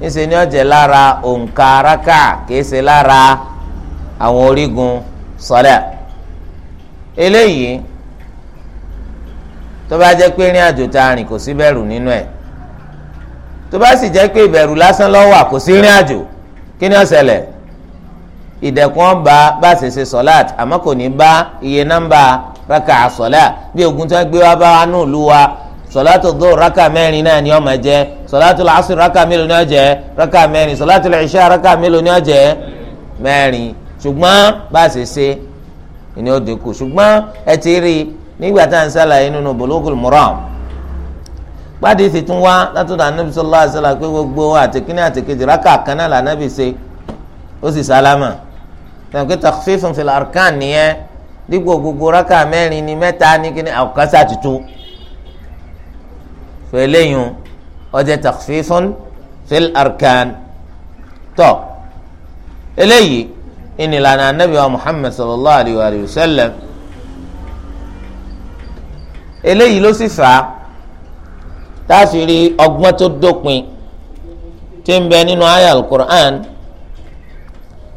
níṣẹ́ ni ó lára òǹkà araka kìí ṣe lára àwọn orígun sọlá eléyìí tó bá jẹ́ pé ìrìn àjò tá a rìn kò sí bẹ̀rù nínú ẹ̀ tó bá sì jẹ́ pé ìbẹ̀rù lásán ló wà kò sí ìrìn àjò kí ni ó ṣẹlẹ̀ ìdẹ̀kùn ọba bá ṣe ṣe sọláàt àmọ́ kò ní bá iye nọ́mbà rákà sọláà bí ogun tó ń gbé wá bá wa nù lù wa sọláàtù dùn rákà mẹ́rin náà ni ó máa jẹ́ sọláàtù làásù rákà mélòó ni ó jẹ́ rákà mẹ́rin sọláàtù làìṣà rákà mélòó ni ó jẹ́ ṣùgbọ́n bá a ṣe ṣe ni ó dínkù ṣùgbọ́n ẹ ti rí i nígbà tá à ń ṣàlàyé nínú bulugul maram gbádìí ti tún wá látọ̀dọ̀ anábì sallallahu alaihi wasallam pé gbogbo àtìkíní àtìkejì rákà kan lànàbì ṣe ó sì sálámà náà pé takhfifun fil arkan nìyẹn dípò gbogbo rákà mẹ́rin ni mẹ́ta ní kíní àwòkán sàtútù fẹlẹ́yìn ọjọ́ takhfifun fil arkan tọ́ eléyìí ìnìlànà anabi النبي محمد صلى الله عليه sallam eléyìí ló sì fà á táàfin rí ọgbọ́n tó dópin tí ń bẹ nínú àyà alukur'an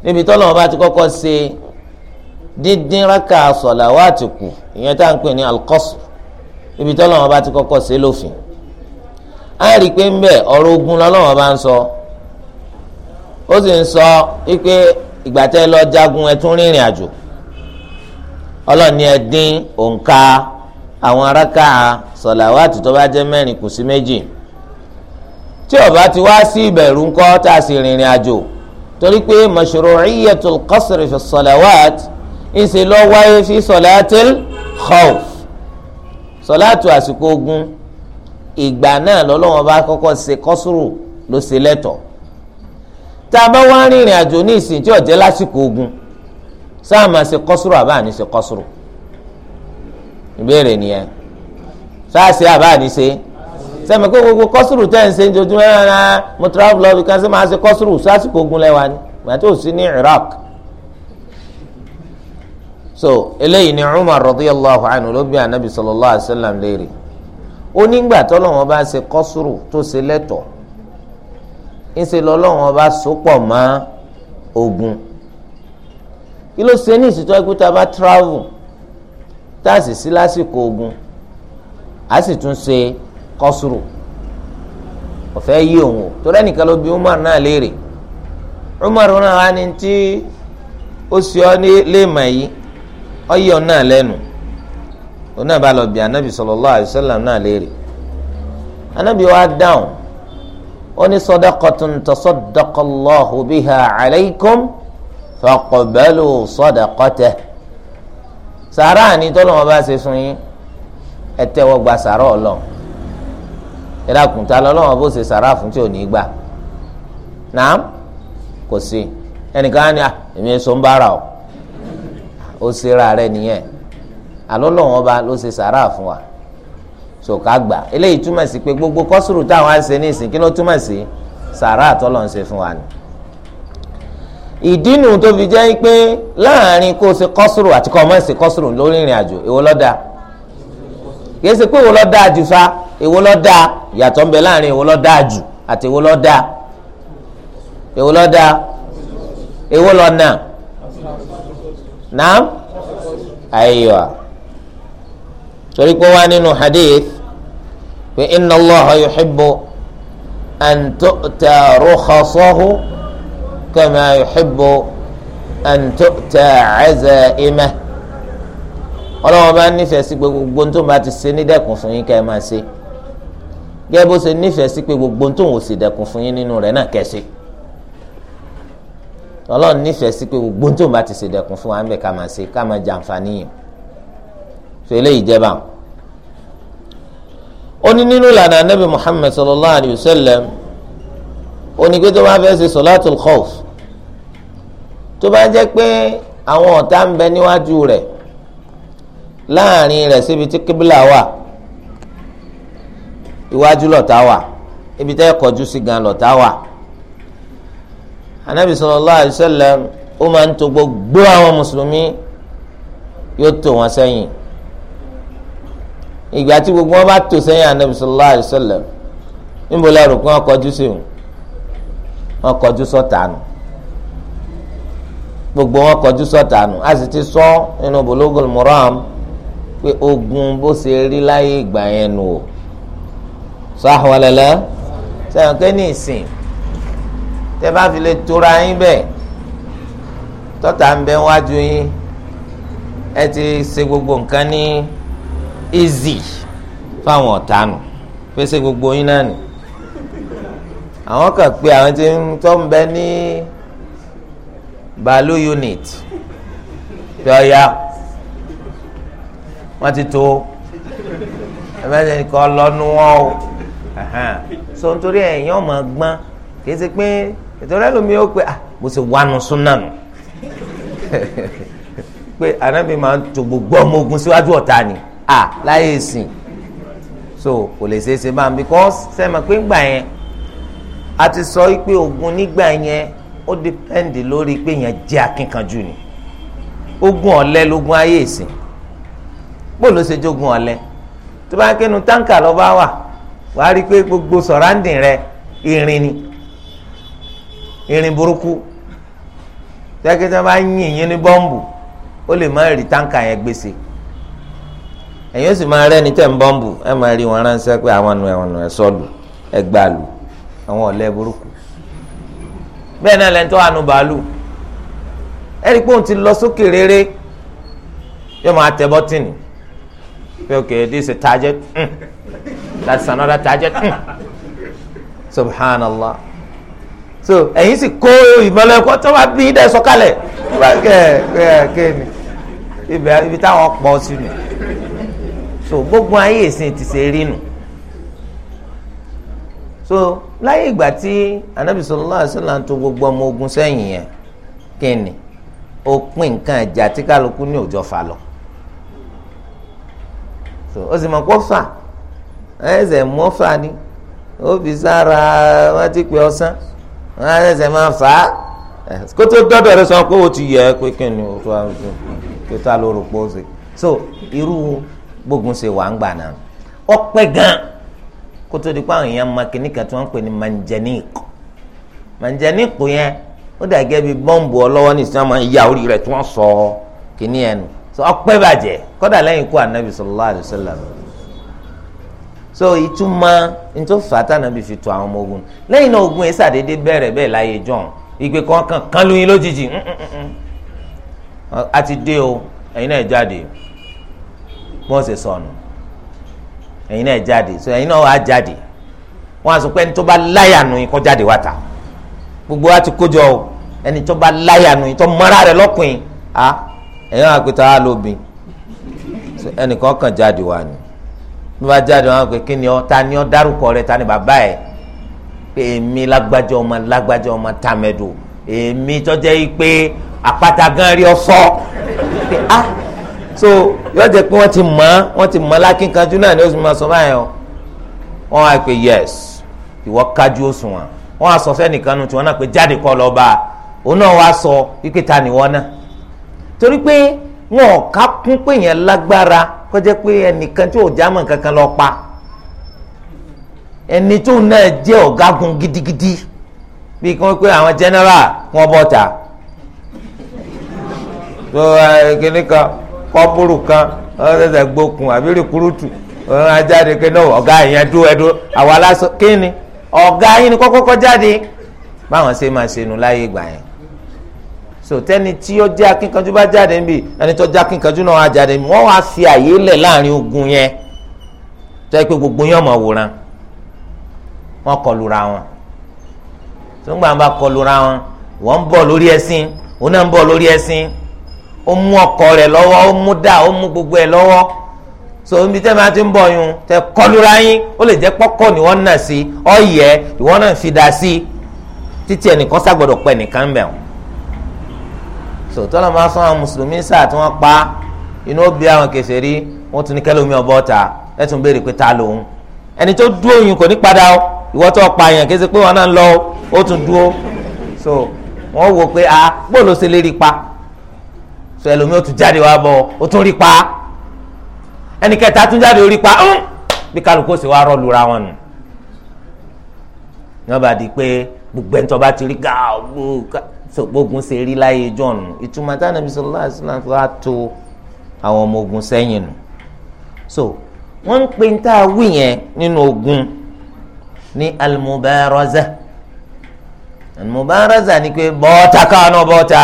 níbi tọ́lọ́mọ bá ti kọ́kọ́ ṣe dídín rákà sọ̀làwátì kù ìyẹn tá à ń pè ní alqasr níbi tọ́lọ́mọ bá ti kọ́kọ́ ṣe lófin á rí i pé ń bẹ ọ̀rọ̀ ogun lọ́lọ́mọ bá ń sọ ó sì ń sọ wípé ìgbà tẹ́ ẹ lọ jagun ẹ tún rìnrìn àjò ọlọ́ọ̀ni ẹ dín òǹkà àwọn aráka sọ̀làwátì tó bá jẹ́ mẹ́rin kù sí méjì tí ó bá ti wá sí ìbẹ̀rù ńkọ́ tá a sì rìnrìn àjò torí pé mashru'iyyatul qasri fi sọ̀làwátì ìṣe lọ wáyé fi sọ̀làtìl khawf sọ̀làtù àsìkò ogun ìgbà náà lọ́lọ́wọ́n bá kọ́kọ́ ṣe kọ́sùrù ló ṣe lẹ́tọ̀ọ́ tá a bá wá rìnrìn àjò ní ìsìn tí ọ̀jẹ́ lásìkò ogun sáà máa ṣe kọ́sùrù àbá àní ṣe kọ́sùrù ìbéèrè nìyẹn sáà ṣe àbá àní ṣe sẹ́mi pé gbogbo kọ́sùrù tẹ̀ ń ṣe ń jojú ẹ̀ ẹ̀ mo travel lọ́ọ́ kan ṣe máa ṣe kọ́sùrù sásìkò ogun lẹ́wà ni gbàtí ò sí ní Iraq so eléyìí ni Umar radiyallahu anhu ló bí anabi sallallahu alayhi wa sallam léèrè onígbà tọ́lọ́wọ́n bá ṣe kọ́sùrù tó ṣe lẹ́tọ̀ọ́ ńṣe lọ́lọ́run ọba sopọ̀ mọ́ ogun kí ló ṣe ní ìsìtọ́ ikú tá a bá travel tá a sì sí lásìkò ogun a sì tún ṣe kọ́sùrù ọ̀fẹ́ yí òun o torí ẹnìkan ló bi Umar náà léèrè Umar náà wá ní tí ó ṣe ọ́ léèmọ̀ yìí ọ̀yẹ́ ọ̀ náà lẹ́nu òun náà bá lọ bí anabi sallallahu alaihi wasallam náà léèrè anabi wa dáhùn oni sadaqatun tasaddaqallahu biha alaykum faqbalu sadaqatah sàrà ni tọ́lọ́mọ bá ṣe fún yín ẹ tẹ́wọ́ gba sàrà ọlọ́run ìlàkùn ta lọ́lọ́run bó ṣe sàrà fún tí ò ní gbà náà kò sí ẹnìkan á ní à ah, èmi ń sọ bára o ó ṣe ra rẹ nìyẹn àlọ́ lọ́wọ́n ló ṣe sàrà fún wa sòkà gbà eléyìí túmọ̀ sí pé gbogbo kọ́sùrù táwọn á ṣe ní ìsìn kí ló túmọ̀ sí sàrà àtọ́lọ̀ ń ṣe fún wa ni. ìdínú tó fi jẹ́ pé láàrin kó o ṣe kọ́sùrù àti kọ́ ọmọ ẹ̀sìn kọ́sùrù lórí ìrìn àjò èwo ló dáa kì í ṣe pé èwo ló dáa jù fa èwo ló dáa yàtọ̀ ń bẹ láàrin èwo ló dáa jù àti èwo ló dáa èwo ló dáa èwo ló nà naam ayiwa torí pé wá nínú hadith pé inna Allaha yuhibbu an tu'ta rukhsahu kama yuhibbu an tu'ta ọlọ́wọ́n bá nífẹ̀ẹ́ sí pé gbogbo tó bá ti ṣe ní dẹ́kun fún yín ká ẹ máa ṣe gẹ́gẹ́ bó ṣe nífẹ̀ẹ́ sí pé gbogbo tó ń sì dẹ́kun fún yín nínú rẹ̀ náà kẹ́sì ọlọ́run nífẹ̀ẹ́ sí pé gbogbo tó bá ti ṣe dẹ́kun fún wa ń bẹ̀ ká máa ṣe ká máa jàǹfààní yìí ṣe eléyìí ó ní nínú ìlànà anabi muhammed sallallahu alayhi wa sallam ó ní pé tó bá fẹ́ ṣe solatul khawf tó bá jẹ́ pé àwọn ọ̀tá ń bẹ níwájú rẹ̀ láàrin rẹ̀ síbi tí kíbílà wà iwájú lọ̀tá wà ibi tẹ́ kọjú sí gan lọ̀tá wà anabi sallallahu alayhi wa sallam ó máa ń tò gbogbo àwọn mùsùlùmí yóò tò wọ́n sẹ́yìn ìgbà tí gbogbo wọn bá tò sẹ́yìn anabi sallallahu sallam níbo la rò pé wọn kọjú sí òun wọn kọjú sọtànù gbogbo wọn kọjú sọtànù a sì ti sọ nínú Bulughul Maram pé ogun bó ṣe rí láyé ìgbà yẹn nù o sàwọlẹlẹ sẹyìn kẹ ní ìsìn tẹ bá fi lè tóra yín bẹ́ẹ̀ tọta ń bẹ wájú yín ẹ ti ṣe gbogbo nǹkan ní. Easy. fáwọn ọ̀tá nù pèsè gbogbo yín náà nì àwọn kan pé àwọn ti ń tọ́ ń bẹ ní balu unit tí ó yá wọ́n ti tó ẹ̀fẹ́ nìkan lọ́nu wọn o so nítorí ẹ̀yìn ọmọ gbọ́n kì í ṣe pé ìtọ́lẹ́ lomi ó pé ah mo ṣe wánu súnà nù pé anábì máa ń to gbogbo ọmọ ogun síwájú ọ̀tá ni à láyé ìsìn so kò lè ṣeé ṣe máa because sẹ́mi pé ńgbà yẹn a ti sọ pé ogun nígbà yẹn ó depend lórí pé yẹn jẹ́ akínkanjú ni ogun ọ̀lẹ lógun ayé ìsìn bó ló ṣe jogun ọ̀lẹ tó bá kínú táǹkà lọ bá wà wàá rí i pé gbogbo sọ̀ráǹdìn rẹ irin ni irin burúkú tẹ́kítẹ́ bá yìn yín ní bọ́ǹbù ó lè má rí táǹkà yẹn gbèsè ẹ̀yin ó sì máa rẹ́ni tẹ̀ ń bọ́ǹbù ẹ máa rí wọn ránṣẹ́ pé àwọn nu ẹ̀wọ̀n nu ẹ̀sọ́lù ẹgbàlù àwọn ọ̀lẹ́ burúkú bẹ́ẹ̀ náà lẹ́ńtọ́ àánú bàálù ẹ̀rí pé òun ti lọ sókè rere yóò máa tẹ bọ́tìnì pé okay this is a target mm. that's another target hmm. subhanallah so ẹ̀yin sì kó ìmọ̀lẹ́ ẹ̀kọ́ tó máa bí dẹ́ sọ̀kalẹ̀ kẹ́ ẹ̀ kẹ́ ẹ̀ kẹ́ ibi táwọn pọ̀ sí ni so gbogbo ayé ìsìn ti ṣe rí nù so láyé ìgbà tí anabi sallallahu alaihi wasallam tó gbogbo ọmọ ogun sẹ́yìn yẹn kí ni ó pín nǹkan ìjà tí kálukú ní òjò fà lọ so ó sì mọ kó fà ẹsẹ̀ mọ́ fà ni ó fi sára wọn ti pè ọsán wọn ẹsẹ̀ máa fà á kótó dọ́dọ̀ rẹ sọ pé ó ti yẹ pé kí ni ó tó a lò rò pé ó ṣe so irú. gbógun ṣe wà ń gbà náà ọpẹ́ gan kó tó di pé àwọn èèyàn máa kan tí wọ́n pè ní manjanik manjanik yẹn ó dà bí bọ́ǹbù ọlọ́wọ́ ní ìsinmi ya orí rẹ̀ tí wọ́n sọ kíní ẹnu ọpẹ́ bàjẹ́ ikú anabi so ìtumọ̀ ntòfà tànàbí fi tu àwọn ọmọ ogun lẹ́yìn náà ogun bẹ̀rẹ̀ bẹ́ẹ̀ láyé john ìgbé kankan kan lóyún lójijì bọ́n ṣe sọnù ẹ̀yin náà jáde so ẹ̀yin náà wàá jáde wọ́n á sọ pé ẹni tó bá láyànú yín kó jáde wá ta gbogbo wa ti kójọ o ẹni tó bá láyànú yín tó mọ́ra rẹ̀ lọ́kùnrin a ẹ̀yin wàá pété wàá lóbin ẹnìkan kàn jáde wá ni bí wàá jáde wá pé kí ni ọ ta ni ọ dárúkọ rẹ ta ni bàbá ẹ pé èmi lágbájá ọmọ lágbájá ọmọ tàmẹdò èmi tọjá yìí pé àpáta gan rí ọ sọ pé a. Ah, so yóò jẹ́ pé wọ́n ti mọ̀ wọ́n ti mọ̀ lákínkanjú náà ni ó sì máa sọ báyìí o wọ́n á pè yes ìwọ kájú òṣùwọ̀n wọ́n á sọ fẹ́nìkan nu tiwọn náà pé jáde kọ́ lọ́ọ́ bá a òun náà wá sọ wípé ta ni wọ́n náà torí pé wọn ò ká kún pé yẹn lágbára kó jẹ́ pé ẹnìkan tí ò já mọ̀ kankan lọ pa ẹni tó náà jẹ́ ọ̀gágun gidigidi bí kí wọ́n pé àwọn general wọn bọ̀ ta tó ẹ kíní kan kọ́pùrù kan wọ́n ṣẹ̀ṣẹ̀ gbókun àbí rìkúrútù wọ́n á jáde pé náà ọ̀gá yẹn dúró ẹ̀dúró àwa lásán kí ni ọ̀gá yín ni kọ́kọ́ kọ́ jáde báwọn ṣe máa ṣe nu láyé ìgbà yẹn so tẹni tí ó jẹ́ akínkanjú bá jáde níbi ẹni tó jẹ́ akínkanjú náà á jáde níbi wọ́n wá fi àyè lẹ̀ láàrin ogun yẹn tó yẹ pé gbogbo yẹn ọmọ wòran wọ́n kọlura wọn tó ń gbà ń bá kọlura wọn wọ́n ń bọ̀ lórí ẹṣin òun náà ń bọ̀ lórí ẹṣin ó mú ọkọ rẹ lọwọ, ó mú dà ó mú gbogbo ẹ lọwọ. so ibi tẹ́ máa ti ń bọ yun tẹ kọlura yín ó lè jẹ pọkọ ni wọ́n nà sí ọ̀yẹ́ ìwọ́n náà fi dà sí títí ẹnìkan nìkan so tọ́lá máa sọ àwọn mùsùlùmí sáà tí wọ́n pa inú ó bí wọ́n tún ní ta lòun ẹni tó dúró yun kò ní padà o ìwọ́ tó pa náà lọ ó tún so wọ́n ah, a so ẹlòmíì ó tún jáde wá bọ̀ ó tún rí pa ẹnì kẹta tún jáde ó rí pa bí kálukú sì wá rọ́ọ̀lù ra wọn nù náà bá di pé gbogbo ẹni tó bá ti rí ká gbógun ṣe rí láyé john ìtumọ̀ táwọn ẹbí sọlá àṣìlá tó wá tó àwọn ọmọ ogun sẹ́yìn nù so wọ́n ń pè ń tá a wí yẹn nínú ogun ní almubaraza almubaraza ni pé bọ́ọ̀ta káwọn náà bọ́ọ̀ta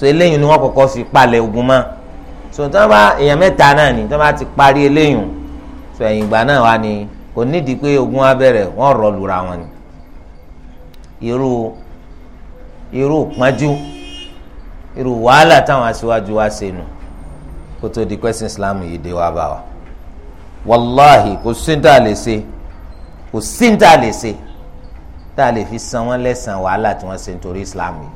so eléyìí ni wọ́n kọ́kọ́ fi palẹ̀ ogun mọ́ so tí wọ́n bá èèyàn mẹ́ta náà ni tí wọ́n bá ti parí eléyìí so ẹ̀yìn ìgbà náà wà ní kò nídìí pé ogun á bẹ̀rẹ̀ wọ́n rọ lura wọn ni irú irú pọ́njú irú wàhálà táwọn aṣíwájú wa ṣe nù kó tó di kwẹ́sìn islam yìí dé wá bá wa wàláhì kò sí lè ṣe kò sí lè ṣe tá a lè fi san wọ́n lẹ́san wàhálà tí wọ́n ṣe nítorí islam yìí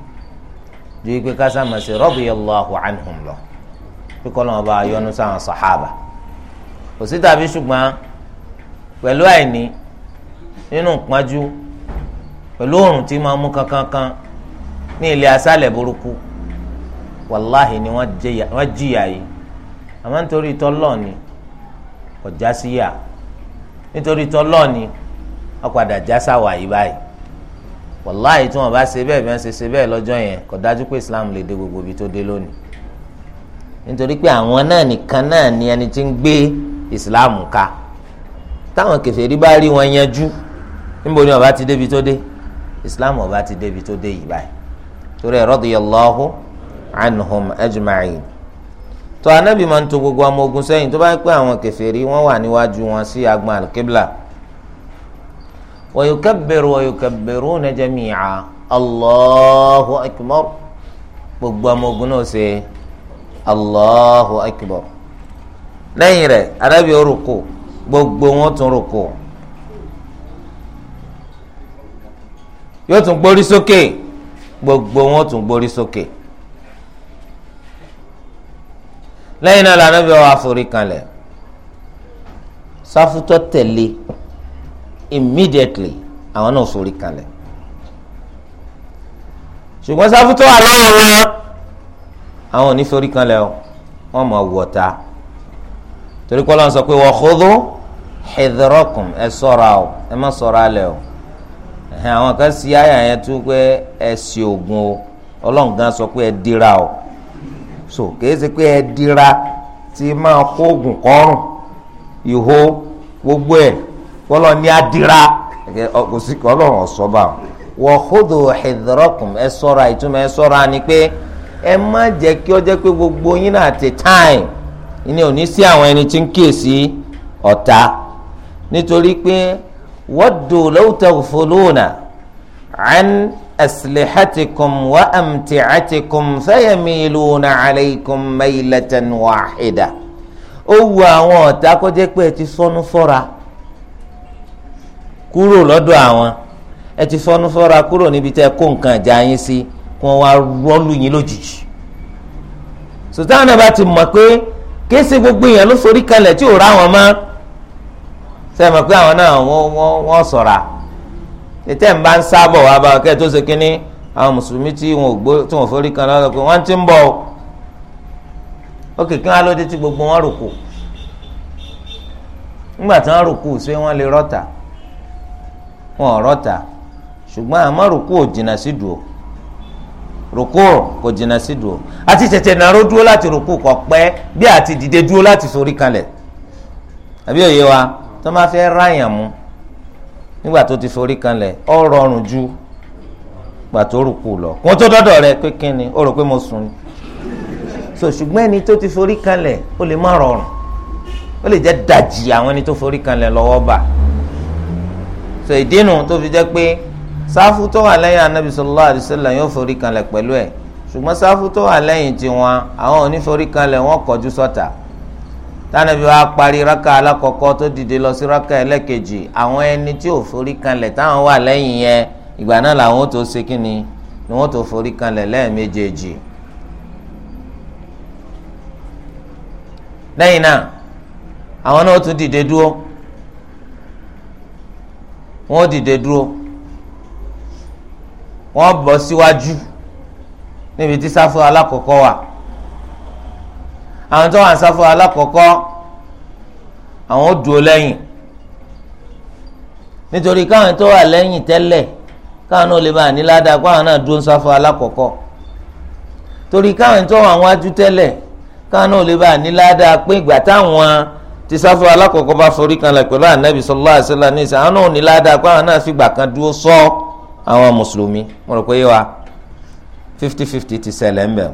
ju ikpe kásá màsí radiyallahu anhum lọ kíkọ́ lọ́wọ́ bá yọ́nú sáwọn sàhábà kò sí tàbí ṣùgbọ́n pẹ̀lú àìní nínú ìpọ́njú pẹ̀lú oòrùn tí máa mú kankankan ní ilé asálẹ̀ burúkú wàláhì ni wọ́n jìyà yìí àmọ́ nítorí tọ́lọ́ọ̀ni kò já síyà nítorí tọ́lọ́ọ̀ni ọ̀padà já sáwà yìí báyìí wàláyé tí wọn bá ṣe bẹ́ẹ̀ bí wọn ṣe ṣe bẹ́ẹ̀ lọ́jọ́ yẹn kò dájú pé islam lè dé gbogbo ibi tó dé lónìí nítorí pé àwọn náà nìkan náà ni ẹni tí ń gbé islam ká táwọn kèfèrí bá rí wọn yanjú níbo ni ọba ti débi tó dé islam ọba ti débi tó dé yìí báyìí torí ẹ radiyallahu anhum ajma'in tó anábì ń tò gbogbo ọmọ ogun sẹ́yìn tó bá pẹ́ àwọn kèfèrí wọ́n wà níwájú wọn sí agbọn alkebla ويكبر ويكبرون جميعا. الله أكبر. akbar gbogbo الله أكبر. náà ṣe allahu akbar lẹ́yìn rẹ̀ arábìá orúkọ gbogbo wọn tún rúkọ yóò tún gbórí sókè gbogbo wọn tún gbórí sókè lẹ́yìn náà lànà bí wọ́n á forí kanlẹ̀ sáfútọ́ tẹ̀lé immediately àwọn náà forí kalẹ̀ ṣùgbọ́n sáfù tó wà lọ́wọ́ wọn àwọn ò ní forí kalẹ̀ o wọ́n mọ̀ wọ̀ta torí kọ́ lọ́n sọ pé wọ́n kódó hidrakum ẹ sọ̀ra o ẹ má sọ̀ra alẹ̀ o àwọn kan sí àyà yẹn tún pé ẹ sì ògùn o ọlọ́run gan sọ pé ẹ dira o so kìí ṣe pé ẹ dira ti máa kó ògùn kọ́rùn ìhó gbogbo ẹ̀ kọlọ ní adira kò sí Ọlọ́run ọsọba wọ kódò hidrọkùn ẹ ṣọ́ra ìtumọ̀ ẹ ṣọ́ra ni pé ẹ má jẹ́ kí ọ jẹ́ pé gbogbo yín náà ti táìm ìní ò ní sí àwọn ẹni tí ń kíyèsí ọ̀tá nítorí pé waddu law taghfuluna an aslihatikum wa amti'atikum fayamiluna alaykum maylatan wahida ó wu àwọn ọ̀tá kó pé ẹ ti sọnù fọ́ra. So kúrò lọ́dọ̀ àwọn ẹ ti fọ́nú fọ́ra kúrò níbi tẹ́ kó nǹkan ìjà yín sí kí wọ́n wá rọ́ọ̀lù yín lójijì sùtáwọn náà bá ti mọ̀ pé kéésì gbogbo èèyàn ló sorí kalẹ̀ tí ò rá wọn mọ́ sẹ́yìn mọ̀ pé àwọn náà wọ́n sọ̀ra ètè ń bá ń sábọ̀ wá bá kẹ́ tó ṣe kínní àwọn mùsùlùmí tí wọn ò gbó tí wọn forí kan lọ́dọ̀ pé wọ́n ti ń bọ̀ ó kìkì wọn lóde tí gbogbo wọn rò kù nígbà tí wọn rò kù ṣé wọn lè rọ́ta wọn ọ̀rọ̀ ta ṣùgbọ́n àmọ́ rúkú ò jìnnà sí dùn ó rúkú kò jìnnà sí dùn ó àti tètè nàró dúró láti rúkú kò pẹ́ bí àti dìde dúró láti forí kanlẹ̀ àbí òye wa tó máa fẹ́ ráyàn mú nígbà tó ti forí kanlẹ̀ ó rọrùn ju gbà tó rúkú lọ kó tó dọ́dọ̀ rẹ pé kí ni ó rò pé mo sùn so ṣùgbọ́n ẹni tó ti forí kanlẹ̀ ó lè má rọrùn ó lè jẹ́ dajì àwọn ẹni tó forí kanlẹ̀ lọ́wọ́ bá tó ìdínú tó fi jẹ́ pé sáfù tó wà lẹ́yìn anabi sallallahu alayhi wa sallam yóò forí kanlẹ̀ pẹ̀lú ẹ̀ ṣùgbọ́n sáfù tó wà lẹ́yìn tiwọn àwọn oníforí kanlẹ̀ wọn kọjú sọ́tà tánàbí wa parí raka alákọ̀ọ́kọ́ tó dìde lọ sí raka ẹlẹ́kejì àwọn ẹni tí ò forí kanlẹ̀ táwọn wà lẹ́yìn yẹn ìgbà náà làwọn tó ṣe kínni ni wọ́n tó forí kanlẹ̀ lẹ́ẹ̀mejèèjì. lẹ́yìn náà àwọn náà tún dìde dúró wọ́n dìde dúró wọ́n bọ́ síwájú níbi tí sáfù alákọ̀ọ́kọ́ wà àwọn tó wà sáfù alákọ̀ọ́kọ́ àwọn ó dúró lẹ́yìn nítorí káwọn tó wà lẹ́yìn tẹ́lẹ̀ káwọn náà lè bá a ní ládàá káwọn náà dúró sáfù alákọ̀ọ́kọ́ torí káwọn tó wà wájú tẹ́lẹ̀ káwọn náà lè bá a ní ládàá pé ìgbà táwọn tí sáfù alákọ̀ọ́kọ́ bá forí kanlẹ̀ pẹ̀lú ànábì sallallahu alaihi wasallam ní ìsìn àwọn náà ní ládàá pé àwọn náà fìgbà kan dúró sọ àwọn mùsùlùmí mo rò pé yé wa fifty fifty ti ṣẹlẹ̀ ń bẹ̀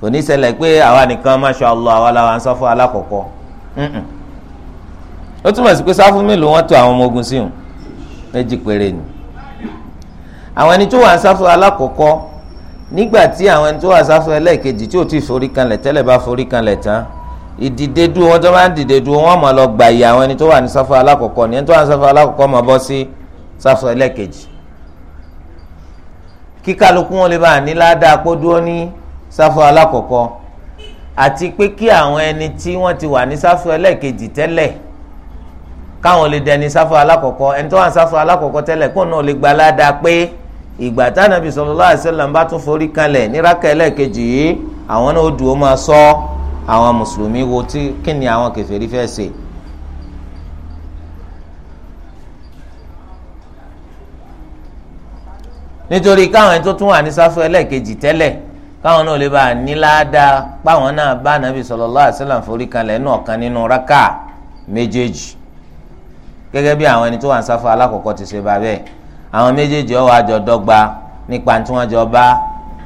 kò ní ṣẹlẹ̀ pé àwa nìkan masha Allah àwa làwa ń sáfù alákọ̀ọ́kọ́ ó túmọ̀ sí pé sáfù mélòó wọ́n tó àwọn ọmọ ogun sí hùn méjì péré ni àwọn ẹni tó wà ń sáfù alákọ̀ọ́kọ́ nígbà tí àwọn ẹni tó wà sáfù ẹlẹ́ẹ̀kejì tí ò tí ì forí kanlẹ̀ tẹ́lẹ̀ bá forí kanlẹ̀ tán ìdìde dúró wọn tó bá ń dìde dúró wọn máa lọ gbà yìí àwọn ẹni tó wà ní sáfà alákọ̀ọ́kọ́ ni ẹni tó wà ní sáfà alákọ̀ọ́kọ́ máa bọ́ sí sáfà ẹlẹ́ẹ̀kejì kí kálukú wọn lè bá ní ládàá kó dúró ní sáfà alákọ̀ọ́kọ́ àti pé kí àwọn ẹni tí wọ́n ti wà ní sáfà ẹlẹ́ẹ̀kejì tẹ́lẹ̀ káwọn lè dẹni sáfà alákọ̀ọ́kọ́ ẹni tó wà ní sáfà alákọ̀ọ́kọ́ tẹ́lẹ̀ kó náà lè gba ládàá pé ìgbà tánàbì sallallahu alaihi wasallam bá àwọn mùsùlùmí wo tí kí ni àwọn kèfèrí fẹ́ ṣe. nítorí káwọn ẹni tó tún wà ní sáfù ẹlẹ́ẹ̀kejì tẹ́lẹ̀ káwọn náà lè bá a ní páwọn náà bá nàbì sallallahu alaihi wasallam forí kanlẹ̀ ní ọ̀kan nínú rákà méjèèjì gẹ́gẹ́ bí àwọn ẹni tó wà ní sáfù alákọ̀ọ́kọ́ ti ṣe bá bẹ́ẹ̀ àwọn méjèèjì ó wá jọ dọ́gba nípa tí wọ́n jọ bá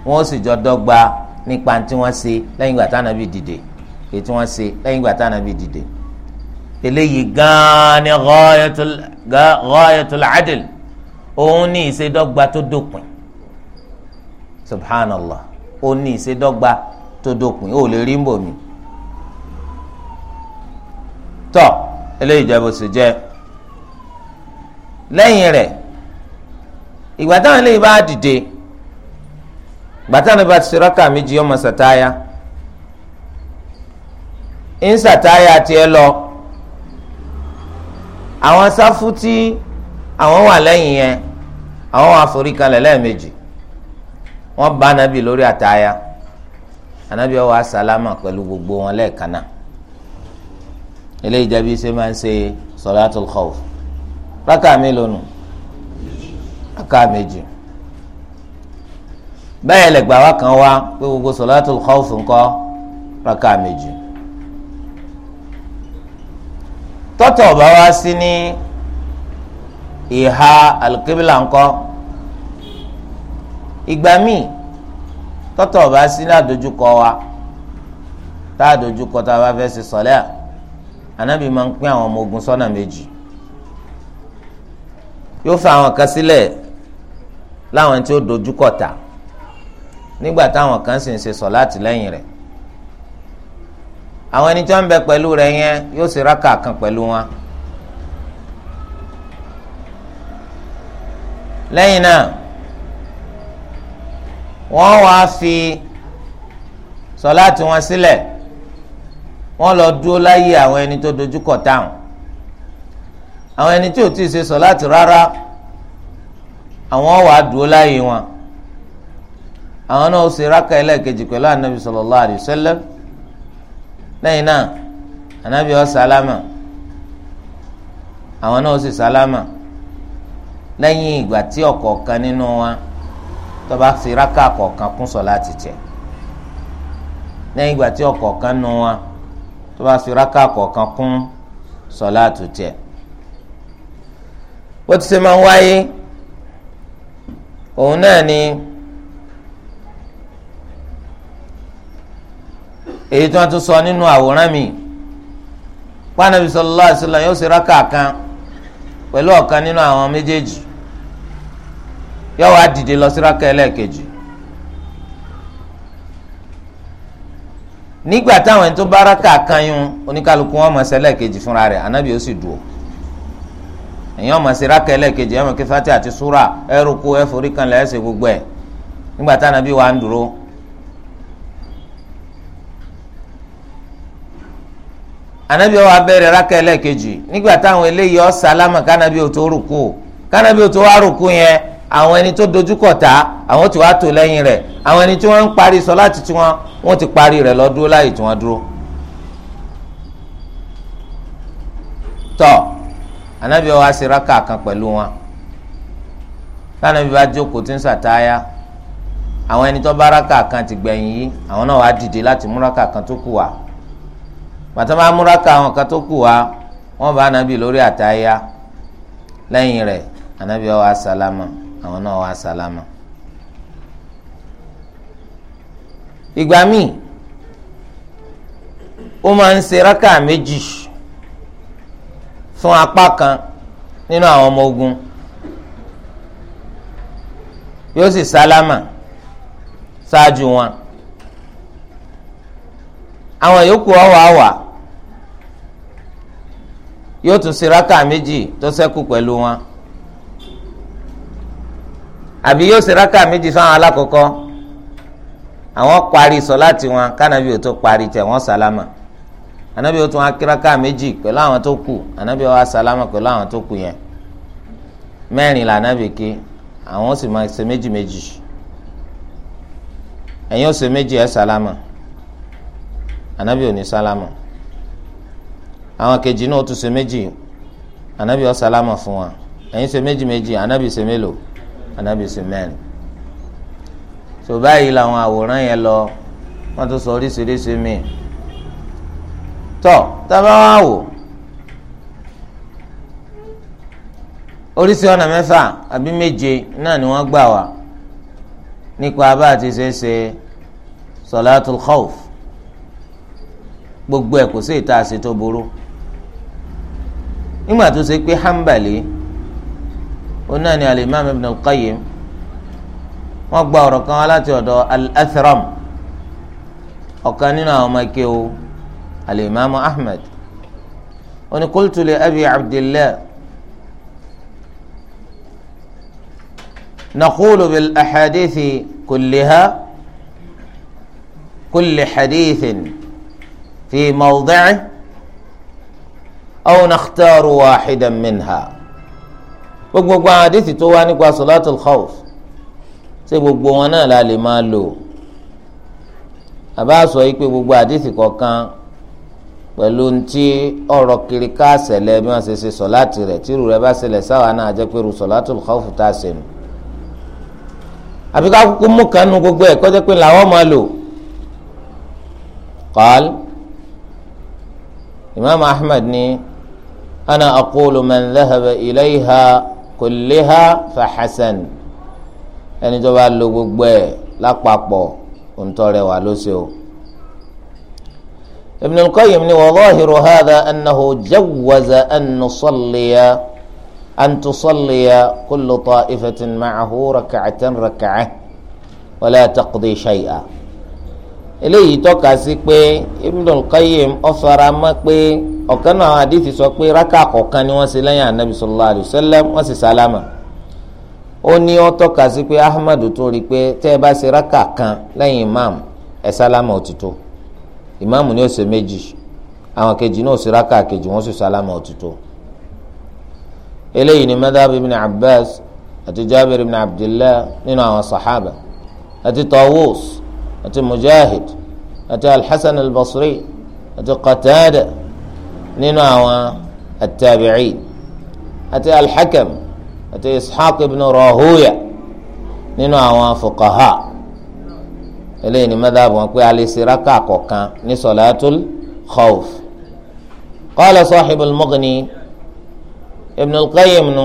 wọ́n sì jọ dọ́gba nípa tí wọ́n ṣe lẹ́yìn ìgbà tí ànábì dìde èyí tí wọ́n ṣe lẹ́yìn ìgbà tí ànábì dìde eléyìí gan-an ni ghayatul adl òun ní ìṣedọ́gba tó dópin subhanallah òun ní ìṣedọ́gba tó dópin ó lè rí ń bò mí tọ́ eléyìí jẹ́ bó ṣe jẹ́ lẹ́yìn rẹ̀ ìgbà táwọn eléyìí bá dìde ìgbà táwọn eléyìí bá méjì ọmọ sàtáyà ìnsàtáyà tiẹ̀ lọ àwọn sáfù tí àwọn wà lẹ́yìn yẹn àwọn wà forí kalẹ̀ lẹ́ẹ̀mejì wọ́n bá anabi lórí àtáyà anabi ọwọ́ asálámà pẹ̀lú gbogbo wọn lẹ́ẹ̀kan náà eléyìí ṣe máa ń ṣe sọlátul khawf rákà mélòó nù rákà méjì bẹ́ẹ̀ lẹ́gbàá wa kan wá pé gbogbo sọlátul khawf ńkọ́ rákà méjì. tọ́tọ̀ ọ̀bá wá sí ní ìhà alùkébìlà ńkọ́ ìgbà míì tọ́tọ̀ ọ̀bá sí ní àdójúkọ wa tá àdójúkọ tá a bá fẹ́ ṣe sọ̀lẹ́ à ànábì máa ń pín àwọn ọmọ ogun sọ́nà méjì yóò fa àwọn kan sílẹ̀ láwọn tí ó dojúkọ ta nígbà táwọn kan sì ń ṣe sọ̀láàtì lẹ́yìn rẹ̀ àwọn ẹni tí wọ́n ń bẹ pẹ̀lú rẹ̀ yẹn yóò sì rákà kan pẹ̀lú wọn. lẹ́yìn náà wọ́n wá fi sọláàtì wọn sílẹ̀ wọ́n lọ dúró láyé àwọn ẹni tó dojúkọ táwọn àwọn ẹni tí ò tí ì ṣe sọláàtì rárá àwọn wà dúró láyé wọn àwọn náà ó ṣe rákà ẹlẹ́ẹ̀kejì pẹ̀lú anabi sallallahu alaihi lẹ́yìn náà anabi ọ sálámà àwọn náà ó sì sálámà lẹ́yìn ìgbà tí ọ̀kọ̀ọ̀kan nínú wa fi rákà kọ̀ọ̀kan kún sọ láti tẹ̀ lẹ́yìn ìgbà tí ọ̀kọ̀ọ̀kan nínú wa ni. èyí tí wọ́n tún sọ nínú àwòrán mi pàànàbí sallallahu alaihi wasallam yóò ṣe rákà kan pẹ̀lú ọ̀kan nínú àwọn méjèèjì yóò wá dìde lọ sí rákà ẹlẹ́ẹ̀kejì nígbà táwọn ẹni tó bá rákà kan yún oníkálukú wọn máa ṣe fúnra ànábì ó sì dùn rákà kí fati àti súrà kan gbogbo ẹ, nígbà táwọn anabi ó wá bẹ̀rẹ̀ rákà ẹlẹ́ẹ̀kejì nígbà táwọn eléyìí ó sálámà kánabi ó tó rúkú kánabi ó tó wá rúkú yẹn àwọn ẹni tó dojúkọ̀tá àwọn tí wàá tò lẹ́yìn rẹ̀ àwọn ẹni tí wọ́n ń parí sọ̀láàtì tí wọ́n wọ́n ti parí rẹ̀ lọ dúró láyè tí wọ́n dúró. tọ́ anabi ó wá sí kan pẹ̀lú wọn kánabi bá jókòó tí ń sàtáyà àwọn ẹni tó bá rákà kan ti gbẹ̀yìn yìí àwọn náà wàá dìde láti mú rákà kan tó kù wá pàtó máa múra ka àwọn kan tó kù wá wọ́n bá anabi lórí àtàyà lẹ́yìn rẹ̀ anabi ó wá sálámà àwọn náà wá sálámà. ìgbà míì ó máa ń ṣe rákà méjì fún apá kan nínú àwọn ọmọ ogun yóò sì sálámà ṣáájú wọn àwọn yòókù ọwọ́ àwà yóò tún ṣe rákà méjì tó ṣẹ́kù pẹ̀lú wọn àbí yóò ṣe rákà méjì fáwọn alákọ̀ọ́kọ́ àwọn parí sọ̀láàtì wọn kánábì ò tó parí tẹ̀ wọ́n sálámà ànábì ó tún akíraka méjì pẹ̀lú àwọn tó kù ànábì ó wá sálámà pẹ̀lú àwọn tó kù yẹn mẹ́rin là ànábì ké àwọn ó sì máa ṣe méjì méjì ẹ̀yin ó ṣe méjì ẹ̀ sálámà ànábì ní sálámà àwọn kejì náà tún ṣe méjì anabi ọ̀sálámà fún wa ẹ̀yin ṣe méjì méjì anabi ṣe mélòó anabi ṣe mẹ́rin tó báyìí làwọn àwòrán yẹn lọ wọ́n tún sọ oríṣiríṣi míì tọ́ tábà wá wò oríṣi ọ̀nà mẹ́fà àbí méje náà ni wọ́n gbà wá nípa abá àti ṣeéṣe sọlátul khawf gbogbo ẹ̀ kò sí ìta àṣetò burú nígbà tó ṣe pé hanbali onáà ni alimam ibn al-qayyim wọ́n gba ọ̀rọ̀ kan láti ọ̀dọ̀ al-athram ọ̀kan nínú àwọn ọmọ akéwò alimami ahmed oní qultu li abdillah naqulu bil ahadithi kulliha kulli hadithin fi mawdi'i aw nakhtaru wahidan minha gbogbo àwọn àdìsí tó wá nípa solatul khawf ṣé gbogbo wọn náà la lè máa lò àbá sọ yìí pé gbogbo àdìsí kọ̀ọ̀kan pẹ̀lú ntí ọ̀rọ̀ kiri ká ṣẹlẹ̀ bí wọ́n ṣe ṣe sọ̀láàtì rẹ̀ tírù rẹ̀ bá ṣẹlẹ̀ sáwà náà jẹ́ pé sọ̀láàtul khawf tá a ṣe nù. àfi kúkú mú kanú gbogbo ẹ̀ kọ́jọ́ pé làwọn máa lò. qal imam ahmed ní. أنا أقول من ذهب إليها كلها فحسن يعني tó bá lo gbogbo ẹ̀ lápapọ̀ òǹtọrẹ wà lóṣè o. وظاهر هذا أنه جوز أن نصلي أن تصلي كل طائفة معه ركعة ركعة ولا تقضي شيئا. eléyìí tọ́ka sí pé kayim Qayyim ọ̀faramọ́ pé ọ̀kan náà àdìsí sọ pé rákà kọ̀ọ̀kan ni wọ́n ṣe lẹ́yìn anabi sallallahu alayhi wọ́n sì sálámà ó ní ahmadu tó rí pé tẹ́ kan lẹ́yìn imam ẹ sálámà òtítọ́ imam ni ó ṣe méjì àwọn kejì náà ṣe rákà kejì wọ́n sì sálámà òtítọ́ eléyìí ni madhab ibn abbas àti jabir ibn nínú àwọn àti mujahid àti alhassan albasri àti qatada nínú àwọn atabi'i àti alhakam àti ishaq ibnu rahuya nínú àwọn fuqaha eléyìí ni madhab wọn pé alẹ́siraka kọ̀ọ̀kan ní solaatul khawf qala sahib al ibnu alqayyim nu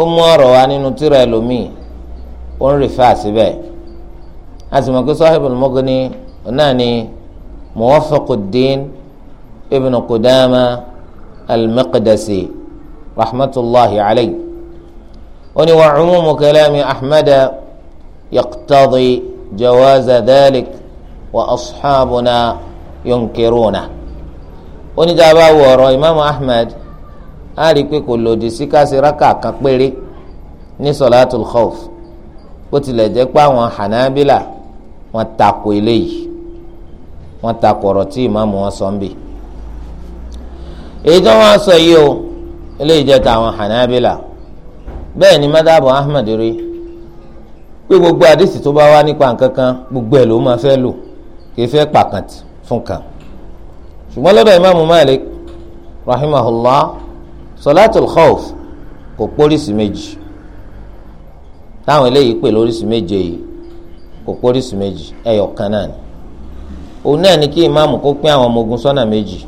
umu mú wa nínú tírà ẹlòmíì wọn ń rìfà síbẹ̀. asimake sahibul mughni náà ni muwafaquddin ibn kudama al-maqdisi rahmatulahi alayhi oni wa cumumu kalaami ahmada yaqtadi jawaaza dhalik wa asxaabuna yunkiruna oni taaba wọ̀rọ̀ imaamu ahmed a rí i pé kò lòdì sí kásìrákà kan péré khawf bó tilẹ̀ jẹ́ pé wọ́n takò eléyìí wọ́n takò ọ̀rọ̀ tí ìmáàmù wọn sọ ń bì èyí tó wọ́n sọ yìí o eléyìí jẹ́ tàwọn Hanabila bẹ́ẹ̀ ni mádàbọ̀ Ahmad rí pé gbogbo àdìsí tó bá wá nípa nǹkan kan gbogbo ẹ̀ ló máa fẹ́ lò kì í fẹ́ pàkàntì fún kan ṣùgbọ́n lọ́dọ̀ ìmáàmù Malik rahimahullah sọláàtúl khawf kò pólísì méjì táwọn eléyìí pè lóríṣi méje yìí kò póríṣi méjì ẹyọ kan náà ni òun náà ni kí ìmáàmù kó pín àwọn ọmọ ogun sọ́nà méjì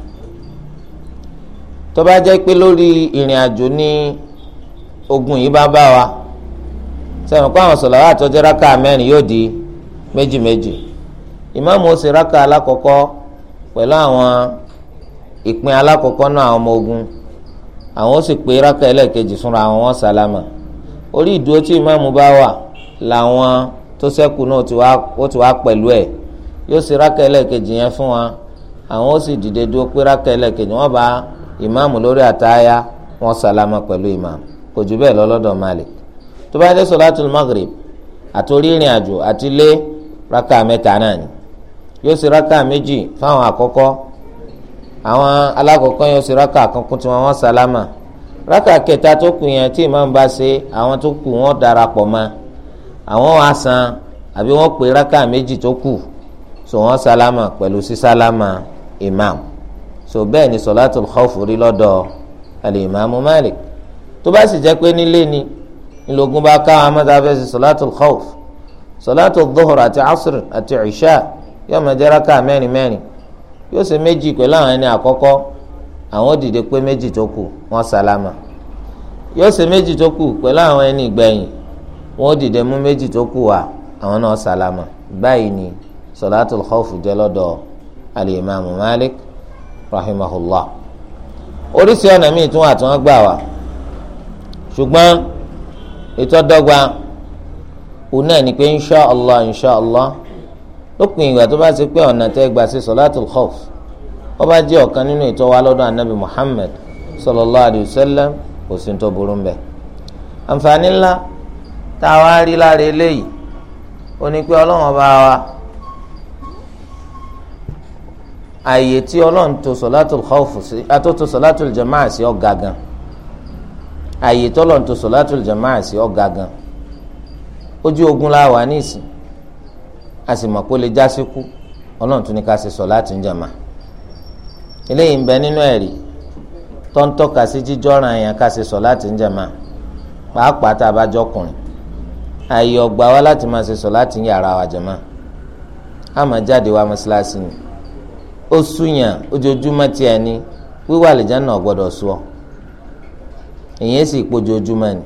tó bá jẹ́ pé lórí ìrìn àjò ní ogun yìí bá bá wa sẹ́wọ̀n pé àwọn sọ̀làwà àtọ́jọ́ rákà mẹ́rin yóò di méjì méjì ìmáàmù ó ṣe rákà alákọ̀ọ́kọ́ pẹ̀lú àwọn ìpín alákọ̀ọ́kọ́ náà àwọn ọmọ ogun àwọn ó sì pé rákà ẹlẹ́ẹ̀kejì fúnra àwọn wọn sálámà orí ìdúró tí ìmáàmù bá wà làwọn tó sẹ́kù náà ó ti wá pẹ̀lú ẹ̀ yóò sì rákà ẹlẹ́ẹ̀kejì yẹn fún wa àwọn ó sì dìde dúró pé rákà ẹlẹ́ẹ̀kejì wọ́n bá ìmáàmù lórí àtayá wọn sàlámà pẹ̀lú ìmáàmù kò jù bẹ́ẹ̀ lọ́lọ́dọ̀ Malik tó bá dé sọ̀látùl Maghrib àtòrí ìrìn àjò àti lé rákà mẹ́ta náà ni yóò sì rákà méjì fáwọn àkọ́kọ́ àwọn alákọ̀ọ́kọ́ yóò sì rákà kankun tí wọ́n wọ́n sàlámà rákà kẹta tó kù yẹn tí ìmáàmù bá ṣe àwọn tó kù wọ́n darapọ̀ máa àwọn wá san àbí wọ́n pè rákà méjì tó kù so wọ́n sálámà pẹ̀lú sí sálámà imam so bẹ́ẹ̀ ni sọlátul khawfu rí lọ́dọ̀ alimami Malik tó bá sì jẹ́ pé nílé ni ńlọgùn bá ká àwọn mẹ́ta fẹ́ sí sọlátul khawf sọlátul dhuhr àti asr àti isha yóò máa jẹ́ rákà mẹ́rin mẹ́rin yóò ṣe méjì pẹ̀lú àwọn ẹni àkọ́kọ́ àwọn dìde pé méjì tó kù wọ́n sálámà yóò ṣe méjì tó kù pẹ̀lú àwọn ẹni ìgbẹ̀yìn wọn ó dìde mú méjì tó kù wá àwọn náà sàlámà báyìí ni sọláàtù khawf jẹ́ lọ́dọ̀ alimami malik rahimahullah oríṣi ọ̀nà míì tún wà tí wọ́n gbà wá ṣùgbọ́n ìtọ́dọ́gba òun náà ni pé insha allah insha allah lópin ìgbà tó bá ti pé ọ̀nà tẹ́ gbà sí sọláàtù khawf ó bá jẹ́ ọ̀kan nínú ìtọ́ wa lọ́dọ̀ anabi muhammad sallallahu alayhi kò sí ní tó burú mbẹ́ àǹfààní ńlá tá a wá rí lára eléyìí ó ní pé ọlọ́run ọba wa àyè tí ọlọ́run tó sọ̀látùl khawfu sí àtúntò sọ̀látùl jamaa sí ọ̀gá gan àyè tí ọlọ́run tó sọ̀látùl jamaa sí ọ̀gá gan ojú ogun la wà nísìn a sì mọ̀ pé ó lè já síkú ọlọ́run tún ní ká ṣe sọ̀látùl jamaa eléyìí ń bẹ nínú ẹ̀rí tó ń sí jíjọ́ràn yẹn ká ṣe sọ̀látùl jamaa pàápàá tá a bá jọkùnrin àyè ọgbà wa láti máa ṣe sọ láti yàrá wa jàmá a máa jáde wa mọ́ṣáláṣí ni ó súnyàn ojoojúmọ́ tí a ní wíwà àlìjáná ọ̀gbọ́dọ̀ sọ èyí sì pojoojúmọ́ ni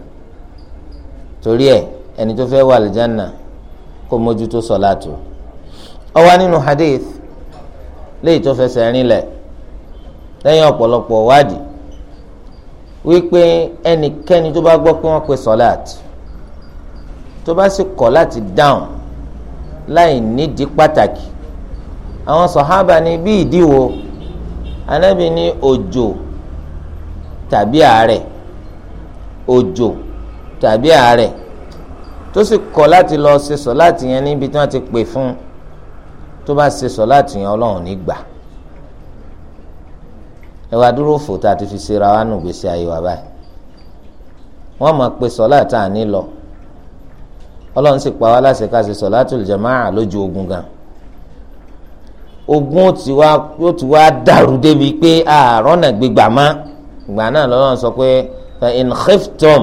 torí ẹ ẹni tó fẹ́ wà àlìjáná kó mójútó sọ̀láàtù ó wà nínú hadith léyìí tó fẹsẹ̀ rinlẹ̀ lẹ́yìn ọ̀pọ̀lọpọ̀ wádìí wípé ẹnikẹ́ni tó bá gbọ́ pé wọ́n pe sọ̀láàtù tó bá sì kọ̀ láti dáhùn láì nídìí pàtàkì àwọn sọ̀hábà ní bí ìdíwọ́ anábì ní òjò tàbí àárẹ̀ òjò tàbí àárẹ̀ tó sì kọ̀ láti lọ ṣe sọ̀láàtì yẹn níbi tí wọ́n ti pè fún tó bá ṣe sọ̀láàtì yẹn ọlọ́run ní gbà dúró fò tá fi ṣe ra wa nù gbèsè ayé báyìí wọ́n máa pe sọ̀láàtì àní lọ ọlọ́run sì pa wá láṣẹ ká ṣe sọ̀látùl jàmáà lójú ogun gan ogun yóò ti wá dàrú débi pé àárọ̀ náà gbégbà má ìgbà náà lọ́lọ́run sọ pé fa in khiftum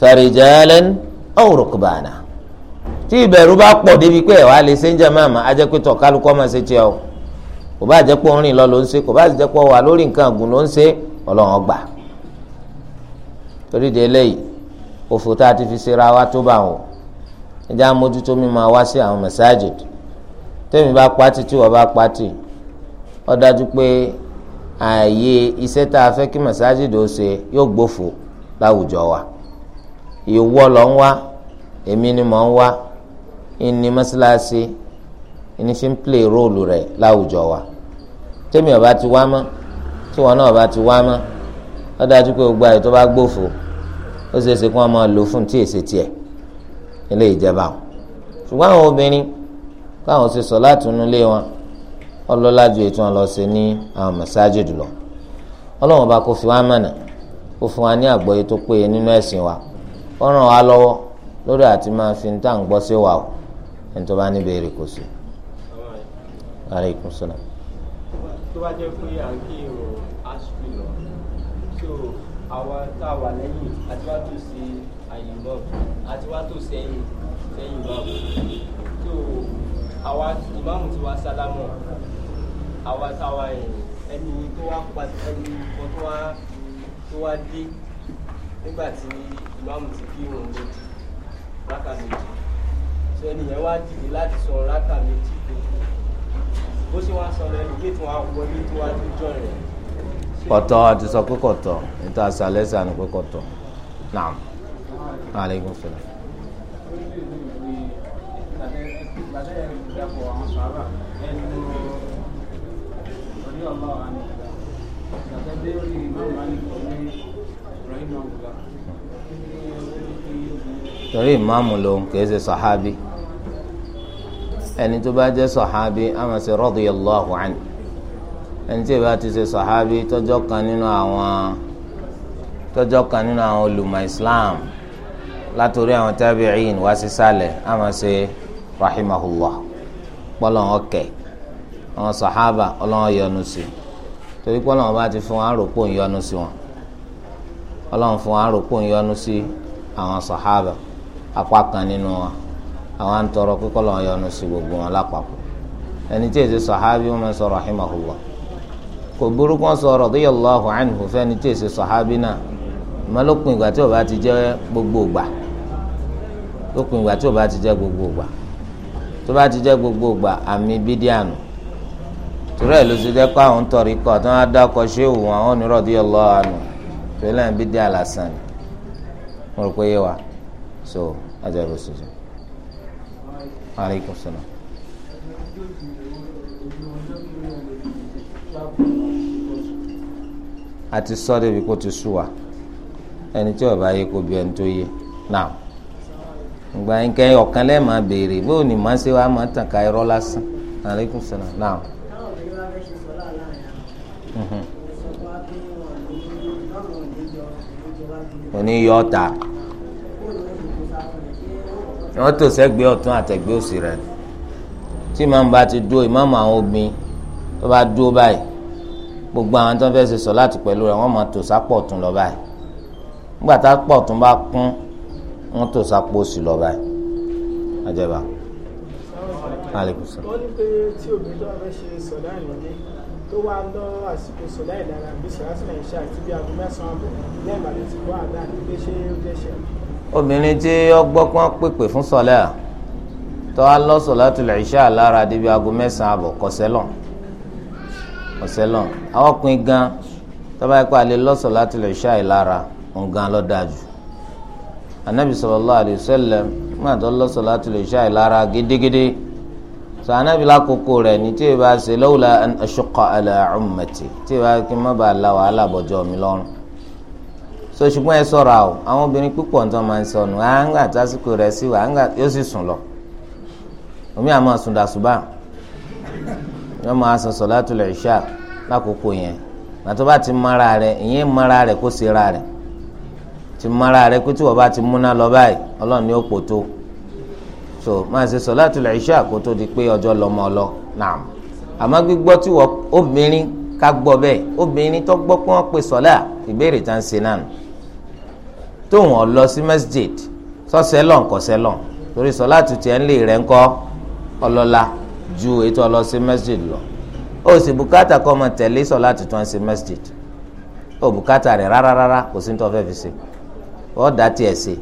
farijalan aw rukbana tí ìbẹ̀rù bá pọ̀ débi pé ẹ̀ wá lè ṣe ń jẹ́ máàmá ajẹ́ pé tọ̀ kálukọ́ máa ṣe tiẹ̀ o kò bá jẹ́ pé òun lọ ló ń ṣe kò bá jẹ́ wà lórí nǹkan ọ̀gùn ló ń ṣe ọlọ́run ọgbà torí de eléyìí òfò tá a ti fi ṣe ra wa tó bá wọn o ẹjẹ́ amójútó mi máa wá sí àwọn masajid tẹ́mi bá pati tí wọ́n bá pati ó dájú pé ààyè iṣẹ́ tá a fẹ́ kí masajid ó ṣe yóò gbófo láwùjọ wa ìwọ lọ ń wá èmi ni mò ń wá ìní mọ́sálásí ìní fi ń plé róòlù rẹ̀ láwùjọ wa tẹ́mi ọba ti wá mọ́ tí wọn náà bá ti wá mọ́ ó dájú pé gbogbo àyè tó bá gbófo ó ṣeé kí wọ́n máa lò fún tí èsì tiẹ̀ ilé ìjẹba o ṣùgbọ́n àwọn obìnrin káwọn ṣe sọ láti inú ilé wọn ọlọ́lá ju ètò wọn lọ sí ní àwọn masajid lọ ọlọ́wọ́n bá kó fi wá mọ̀nà kó fún wa ní àgbọ́yé tó péye nínú ẹ̀sìn wa ó ràn wá lọ́wọ́ lórí àti máa fi tá à ń gbọ́ sí wa o ẹni tó bá ní béèrè kò sí. aleykum salaam. lẹ́yìn àti wá tó ṣe àyè bọ́ọ̀lù àti wá tò sẹ́yìn sẹ́yìn bọ́ọ̀lù tó àwa ìmáàmù ti wá sálámọ̀ àwa táwa ẹni tó wá pa ẹni kan tó wá tó wá dé nígbà tí ìmáàmù ti kí òun lè rákà méjì tó ẹni yẹn wá dìde láti sọ rákà méjì tó bó ṣe wá sọ lẹ́nu ilé tí wọ́n á wọlé tó wá tó jọ rẹ̀. kọ̀tọ̀ àti sọ pé kọ̀tọ̀ níta ṣàlẹ́sà ni pé kọ̀tọ̀ náà aleykum salaam. torí ìmáàmù lòun kìí ṣe sàhábì ẹni tó bá jẹ́ sàhábì á máa ṣe radiyallahu anhu ẹni tí ìbá ti ṣe sàhábì tọ́jọ́ kan nínú àwọn tọ́jọ́ kan nínú àwọn olùmọ̀ islam látòrí àwọn tábìrín wá sí sálẹ̀ á máa ṣe rahimahullah pọ́lọ́n ọ̀kẹ́ àwọn sàhábà ọlọ́wọ́n yọ́nú sí torí pọ́lọ́n bá ti fún wọn àròpò ń yọ́nú sí wọn ọlọ́wọ́n fún wọn àròpò ń yọ́nú sí àwọn sàhábà apá kan nínú wọn àwọn à ń tọrọ pé kọ́lọ́n yọ́nú sí gbogbo wọn lápapọ̀ ẹni tí èsì sàhábì wọn sọ rahimahullah kò burúkú wọn sọ radiyallahu anhu fẹ́ni tí èsì sàhábì náà mọ́lókùn ìgbà tí ò bá ti jẹ́ gbogbo ìgbà lópin ìgbà tí o bá ti jẹ́ gbogbo ìgbà tó bá ti jẹ́ gbogbo ìgbà àmì bídíànù torí ẹ̀ ló ti jẹ́ pé àwọn tọ̀rí kọ́ tí wọ́n á dákọ̀ ṣé òun àwọn onírọ̀ dí ọlọ́wọ́ lẹ́yìn bídíà lásán ni mo rò pé yé wa so ajá ló ṣe jẹ́ aleykum salaam. àti sọ́ọ́ débi kó ti sú wa ẹni tí ó bá yé kó bí ẹni tó yé náà ìgbà yín kẹ́ ọ̀kan lẹ́ẹ̀ máa béèrè bóun ni màá ṣe wàá máa tàn ká irọ́ lásán aleykum salaam naam. òní yọ ọ̀tà wọ́n tò sẹ́gbẹ́ ọ̀tún àtẹ̀gbẹ́ òsì rẹ̀ tí màmú bá ti dúró ìmáàmù àwọn obìnrin tó bá dúró báyìí gbogbo àwọn tó ń fẹ́ ṣe sọ láti pẹ̀lú rẹ̀ wọ́n máa tò sápọ̀ ọ̀tún lọ báyìí nígbà tá pọ̀ ọ̀tún bá kún wọ́n tó sapò sí lọ báyìí ajẹba aleykum salaam. wọ́n ní pé tí obìnrin tó wà fẹ́ ṣe sọ̀dá ìrọ̀lẹ́ tó wá lọ àsìkò sọ̀dá ìdára bí sàásìlẹ̀ ìṣe àti bí aago mẹ́sàn-án àbọ̀ lẹ́ẹ̀mà ló ti gbọ́ àdá nílé ṣé ó dẹ́ṣẹ̀. obìnrin tí ọgbọ́n kan pèpè fún sọ̀lẹ́ à tó wá lọ sọ̀lá tulẹ̀ ìṣe àlára débi aago mẹ́sàn-án àbọ̀ kọ̀sẹ́lọ̀ kọ̀sẹ́lọ̀ àwọn ọkùnrin gan tó bá yẹ kó alẹ́ lọ sọ̀lá tulẹ̀ ìṣe àìlára òun gan ló jù anabi sallallahu alayhi wa sallam nígbà tó lọ salatul isha lára gidigidi sọ anabi lákòókò rẹ̀ ní tí ì bá ṣe lawla an ashqa ala ummati tí ì bá kí n má bàa la wàhálà bọjọ mi lọ́rùn so ṣùgbọ́n ẹ ṣọ́ra o àwọn obìnrin púpọ̀ nǹkan máa ń sọnù à ń gbà tásìkò rẹ̀ sí wa à ń gbà yóò sì sùn lọ omi àmọ́ sùndàsùbà yóò máa sọ salatul isha lákòókò yẹn màtó bá ti mara rẹ̀ ìyẹn mara rẹ̀ kó ṣe ra rẹ̀ ti mara rẹ pé tí wọn bá ti múná lọ báyìí Ọlọ́run ni ó pò tó so máa ṣe solatul isha kó tó di pé ọjọ́ lọmọ lọ naam àmọ́ gbígbọ́ tí wọ́n obìnrin ká gbọ́ bẹ́ẹ̀ obìnrin tó gbọ́ pé wọ́n pe sọlá ìbéèrè tá ń ṣe náà nù tóun ọ̀ lọ sí masjid sọ́sẹ́ lọ́n kọ́sẹ́ lọ́n torí sọlá tutù ẹ̀ ń lè rẹ̀ ń kọ́ ọlọ́lá ju ètò ọlọ sí masjid lọ ó sì bùkátà kọ́ ọmọ tẹ̀lé sọlá tutù ẹ̀ ń ṣe masjid ó bùkátà rẹ̀ rárá rárá kò sí ní tó fẹ́ fi ṣe wọ́n dá tiẹ̀ sí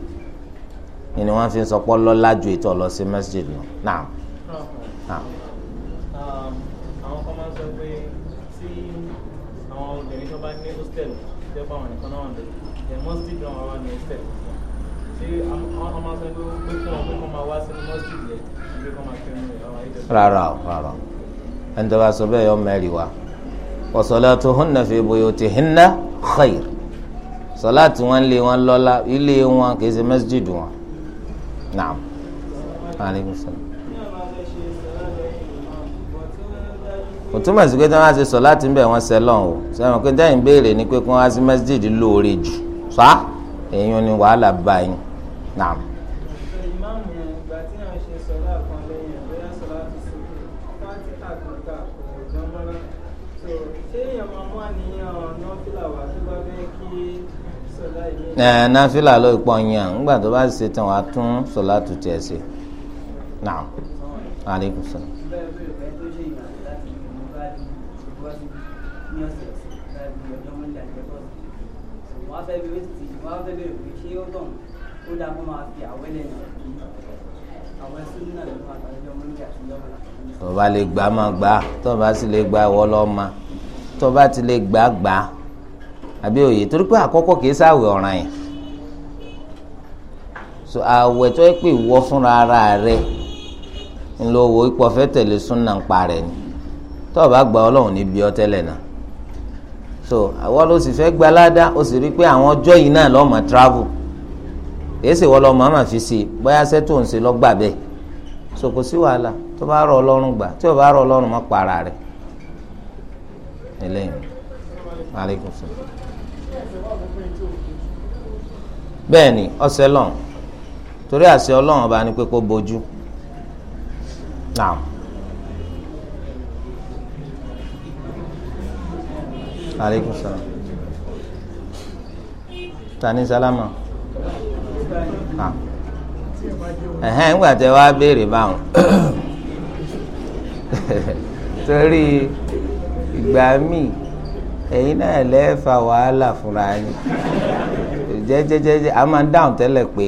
ni ni wọ́n fi sọ pé lọ́lá ju ètò ọ̀lọ́ sí masjid lọ náà. Um, àwọn kan máa ń sọ pé tí àwọn obìnrin tó bá ní hostel jẹ́ pé àwọn nìkan náà lè jẹ́ masjid náà wà ní hostel ṣé àwọn máa ń sọ pé pé kí wọn pé máa wá sí masjid yẹn pé kí wọn máa kí wọn rárá o rárá ẹni tó bá sọ bẹ́ẹ̀ yọ mẹ́rin wa wa salatuhunna fi buyutihinna khair sọláàtì wọn lé wọn lọ́lá ilé wọn kìí ṣe masjid wọn naam aleykum salaam. kò túmọ̀ sí pé tí wọ́n á ṣe sọláàtì ń bẹ̀ wọ́n ṣe lọ́n o sẹ́wọ̀n pé dẹ́yìn béèrè ni pé kí wọ́n á sí masjid lóore jù sá èèyàn ni wàhálà báyìí naam. ẹ náfìlà ló pọ̀ yàn ńgbà tó bá ṣe tán wàá tún sọlá tó tiẹ̀ ṣe náà aleykum salaam. tó bá lè gbà má gbà tó bá sì lè gbà wọ́ lọ́ọ́ ma tó ti lè gbà gbà àbí òye torí pé àkọ́kọ́ kìí sáwẹ̀ ọ̀ràn yẹn so àwẹ̀ tó yẹ pé ìwọ fúnra ara rẹ ńlọ wo ipò ọ̀fẹ́ tẹ̀lé súnà ń parẹ́ ni tó o bá gba ọlọ́run níbi ọ tẹ́lẹ̀ náà so àwọn ló sì fẹ́ gba ládá o sì rí pé àwọn ọjọ́ yìí náà lọ́ọ́ máa travel èyí sì wọ́n lọ́ọ́ máa máa fi sí i bóyá sẹ́tò ń ṣe lọ́gbà bẹ́ẹ̀ so kò sí wàhálà tó bá rọ ọlọ́run gbà tí o bá rọ ọlọ́run má para rẹ̀ eléyìí maaleykum salaam. bẹ́ẹ̀ ni ọsẹ lọ́n torí àṣẹ ọlọ́run ọba ni pé kó bojú tani salama ẹhẹn ńgbà tẹ wá béèrè báwọn torí ìgbà míì ẹ̀yin náà lẹ́ẹ̀fà wàhálà fúnra yín jẹ́jẹ́jẹ́jẹ́ a máa ń dáhùn tẹ́lẹ̀ pé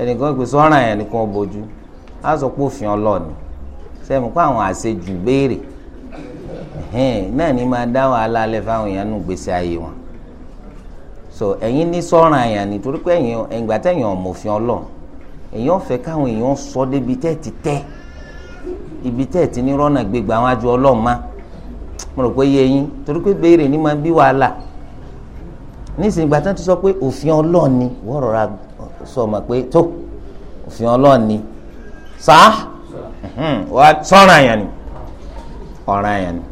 ẹnìkan pè sọ́ràn yẹn nìkan bójú á sọ pé òfin ọlọ́ọ̀ni sẹ́mi kó àwọn àṣejù béèrè náà ni máa dá wàhálà alẹ́ fáwọn èèyàn nù gbèsè ayé wọn so ẹ̀yin ní sọ́ràn yẹn nítorí pé ẹ̀yin ẹ̀ǹgbà tẹ̀yìn ọ̀mọ̀fin ọlọ́ọ̀ èèyàn fẹ́ káwọn èèyàn sọ débi tẹ́ ti tẹ́ ibi tẹ́ ti ní rọ́nà gbégbá wọn àjọ mo rò pé yẹ yín torí pé béèrè ní máa bí wàhálà nísìnyí ìgbà tán ti sọ pé òfin Ọlọ́run ni wọ́n rọra sọ ma pé tó òfin Ọlọ́run ni sá wà sọ́ra yẹn ni ọ̀ra yẹn ni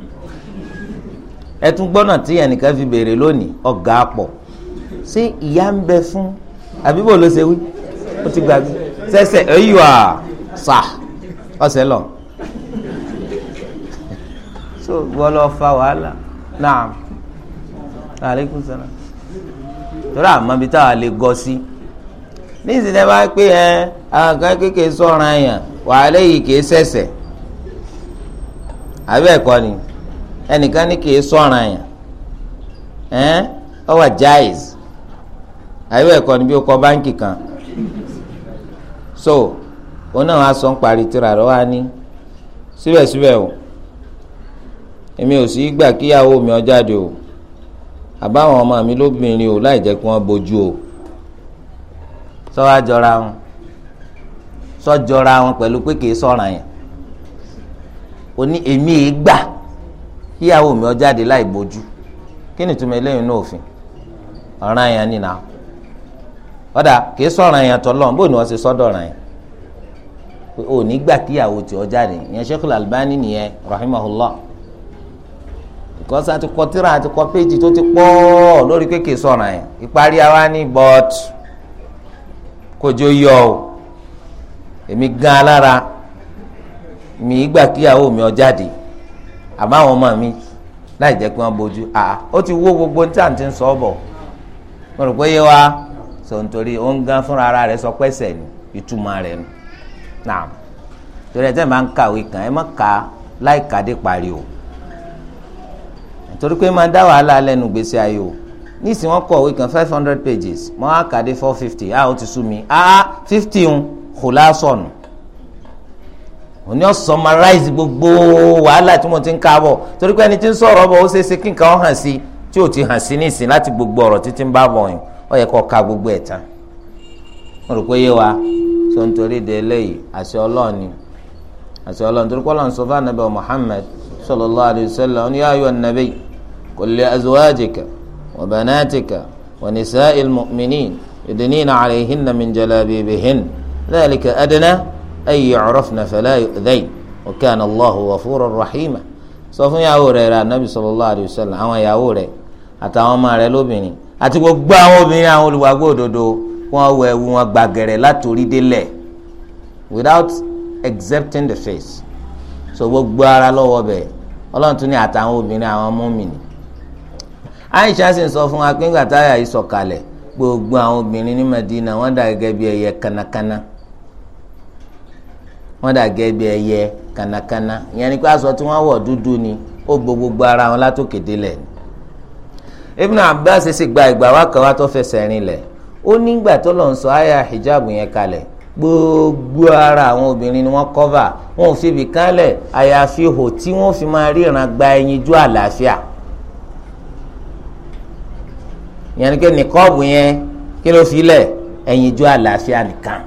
ẹ tún gbọ́nà tí ẹnìkan fi béèrè lónìí ọ̀gá pọ̀ ṣé ìyá ń bẹ fún àbí bò ló ṣe wí ó ti gbàgbé sẹ́sẹ̀ ẹ̀yọ́ à sà ọ̀sẹ̀ lọ so wọ́n lọ fa wàhálà naam aleykum salaam. torí àmọ́ ibi táwa lè gọ sí ní ìsìnkú bá pé ẹ àwọn kan kékeré sọ̀ràn yàn wàhálẹ́ yìí kìí sẹ̀sẹ̀ àbẹ́ ẹ̀kọ́ ni ẹnìkan ní kìí sọ̀ràn yàn ẹ́ ọ wà jaiz àbẹ́ ẹ̀kọ́ ni bí o kọ báńkì kan so òun náà wàá sọ ń parí tírà rẹ wá ní síbẹ̀síbẹ̀ o èmi ò sí gbà kíyàwó mi o. àbáwọn ọmọ mi lóbìnrin o láì jẹ́ kí wọ́n bójú o sọ́wọ́ jọra wọn sọ́jọra wọn pẹ̀lú pé kìí sọ̀ràn yẹn o ní èmi yìí gbà kíyàwó mi ó jáde láì bójú kí ni túmọ̀ eléyìí ní òfin ọ̀ràn yẹn nìyà ọ̀dà kìí sọ̀ràn yẹn tọ́lọ́ bó ni wọ́n ṣe sọ́dọ̀ràn yẹn o ní gbà kíyàwó tí ó yẹn Sheikhul Albani nìyẹn rahimahullah. because àti kọ tíra àti kọ péjì tó ti pọ̀ lórí kéèké sọ̀rọ̀ yẹn ìparí but o èmi gan alára mi ìgbà kíyàwó mi ọ jáde àmọ́ àwọn ọmọ mi láì jẹ́ pé wọ́n ti wó gbogbo ní tàǹtí ń sọ ọ́ bọ̀ wa sọ nítorí ó ń gan ara sọ pẹ́sẹ̀ ni ìtumọ̀ torí ẹ̀ tẹ́ ẹ̀ máa ń kàwé kan o. torí pé máa dá wàhálà lẹ́nu gbèsè ayé o nísìnyí wọ́n kọ̀wé kan five hundred pages wọ́n á kàdé four fifty a ó ti sú mi a fifty ń kò lásọ̀nù òní ọ̀ summarize gbogbo wàhálà tí mo ti ń kábọ̀ torí pé ẹni tí ń sọ̀rọ̀ bọ̀ ó ṣe é ṣe kí nǹkan hàn sí tí ò ti hàn sí nísìn láti gbogbo ọ̀rọ̀ títí ń bá bọ̀ yìí ó yẹ kó ka gbogbo ẹ̀ tán mo rò pé yé wa tó ń de eléyìí àṣẹ ọlọ́ọ̀ni àṣẹ ọlọ́ọ̀ni torí pé ọlọ́ọ̀ni sọ fún anabi Muhammad sallallahu alayhi wa sallam ó nàbẹ́yìí. قل لأزواجك وبناتك ونساء المؤمنين يدنين عليهن من جلابيبهن ذلك أدنى أن يعرفن فلا يؤذين وكان الله غفورا رحيما sọ fún yàwó rẹ ra anabi sallallahu alayhi wa sallam àwọn yàwó rẹ àtàwọn ọmọ rẹ lóbìnrin àti gbogbo àwọn obìnrin àwọn olùwàgbọ́ òdodo wọn wọ ẹ̀wù wọn gbàgẹ̀rẹ̀ látòrí délẹ̀ without excepting the face so gbogbo ara lọ́wọ́ bẹ̀ ọlọ́run tún ní àtàwọn obìnrin àwọn mùmínì Aisha sì ń sọ fún wa pé ńgbà táyà yìí gbogbo àwọn obìnrin ní Madina wọ́n dà gẹ́gẹ́ bí ẹyẹ kanakana wọ́n dà gẹ́gẹ́ bí ẹyẹ kanakana ìyẹn ni pé aṣọ tí wọ́n wọ̀ dúdú ni ó bo gbogbo ara wọn látòkè délẹ̀ ni Ibn Abbas sì gba ìgbà wa kan wá tó fẹsẹ̀ rin lẹ̀ ó nígbà tó lọ́n sọ àyà hijab yẹn kalẹ̀ gbogbo ara àwọn obìnrin ni wọ́n kọ́va wọn ò fi bì kálẹ̀ àyàfi hò tí wọ́n fi máa ríran gba ẹyin ju àlàáfíà. ìyẹn ni pé nìkọ́ọ̀bù yẹn kí ló fi lẹ̀ ẹ̀yìn ju àlàáfíà nìkan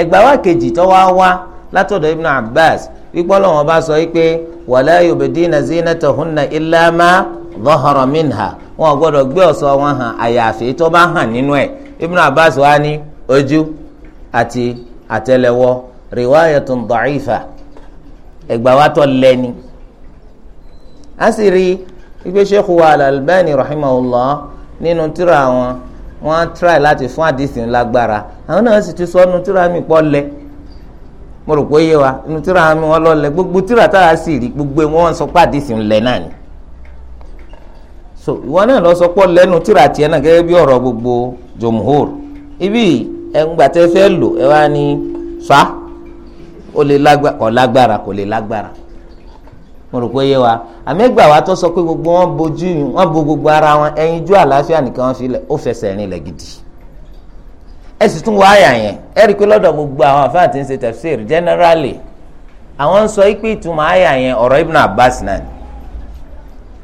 ẹgbà wa kejì tó wá wá látọ̀dọ̀ Ibn Abbas wípé Ọlọ́hun bá sọ wípé wala yubdina zinatahunna illa ma zahara minha wọn ò gbọdọ̀ gbé ọ̀ṣọ́ wọn hàn àyàfi tó bá hàn nínú ẹ̀ Ibn Abbas wá ní ojú àti àtẹ́lẹwọ́ riwayatun da'ifa ẹgbà wa tó lẹ́ni. a sì rí wípé Sheikh wa Al-Albani nínú tíra wọn wọ́n try láti fún àdìsí ńlágbára àwọn náà sì ti sọ nu tíra mi pọ̀ lẹ mo rò pé yé wa nu tíra mi wọ́n lọ lẹ gbogbo tíra tára sì rí gbogbo wọn sọ pé àdìsí ńlẹ náà ni so ìwọ náà lọ sọ pọ̀ lẹ́nu tíra tiẹ̀ náà gẹ́gẹ́ bí ọ̀rọ̀ gbogbo jomhur ibi ẹgbà tẹ fẹ́ lò ẹ wá ní fa ó lè lágbára kò lágbára kò lè lágbára mo rò pé yé wa àmẹ́gbà wa tó sọ pé gbogbo wọn bojú wọn bo gbogbo ara wọn ẹyin ju àlàáfíà nìkan wọn filẹ̀ ó fẹsẹ̀ rìn gidi ẹ sì tún wọ àyà yẹn ẹ rí i pé lọ́dọ̀ gbogbo àwọn àfáà tí ń ṣe tafsir generally àwọn ń sọ pé ìtumọ̀ àyà yẹn ọ̀rọ̀ Ibn Abbas náà ni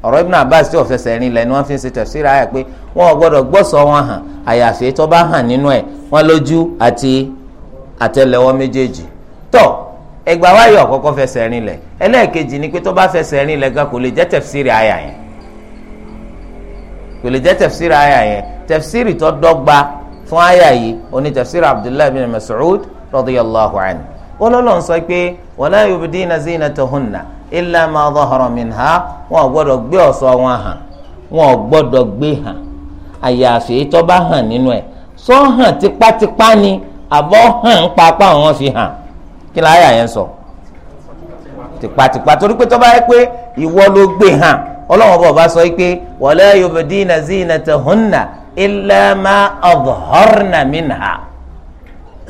ọ̀rọ̀ Ibn Abbas tí rìn ni wọ́n fi ń ṣe àyà pé ẹgbà wáyé ọ̀kọ́kọ́ fẹsẹ̀ rinlẹ̀ ẹlẹ́ẹ̀kejì ni pé tó bá fẹsẹ̀ rinlẹ̀ gan kò lè jẹ́ tẹ̀fsíìrì àyà yẹn kò lè jẹ́ tẹ̀fsíìrì àyà yẹn tẹ̀fsíìrì tó dọ́gba fún àyà yìí oní tẹ̀fsíìrì Abdullahi bin Mas'ud radiyallahu anhu olólùwọ̀n sọ pé wala yubdina zinatahunna illa ma zahara minha wọn ò gbọ́dọ̀ gbé ọ̀ṣọ́ wọn hàn wọn ò gbé hàn àyàfi tó bá hàn nínú ẹ̀ sọ hàn tipátipá ni àbọ̀ hàn pápá wọn fi hàn kí ni àyà yẹn sọ tìpátìpá torí pé tó bá yẹ pé ìwọ ló gbé hàn ọlọ́wọ́n bọ̀ bá sọ pé wala yubdina zinatahunna illa ma adharna minha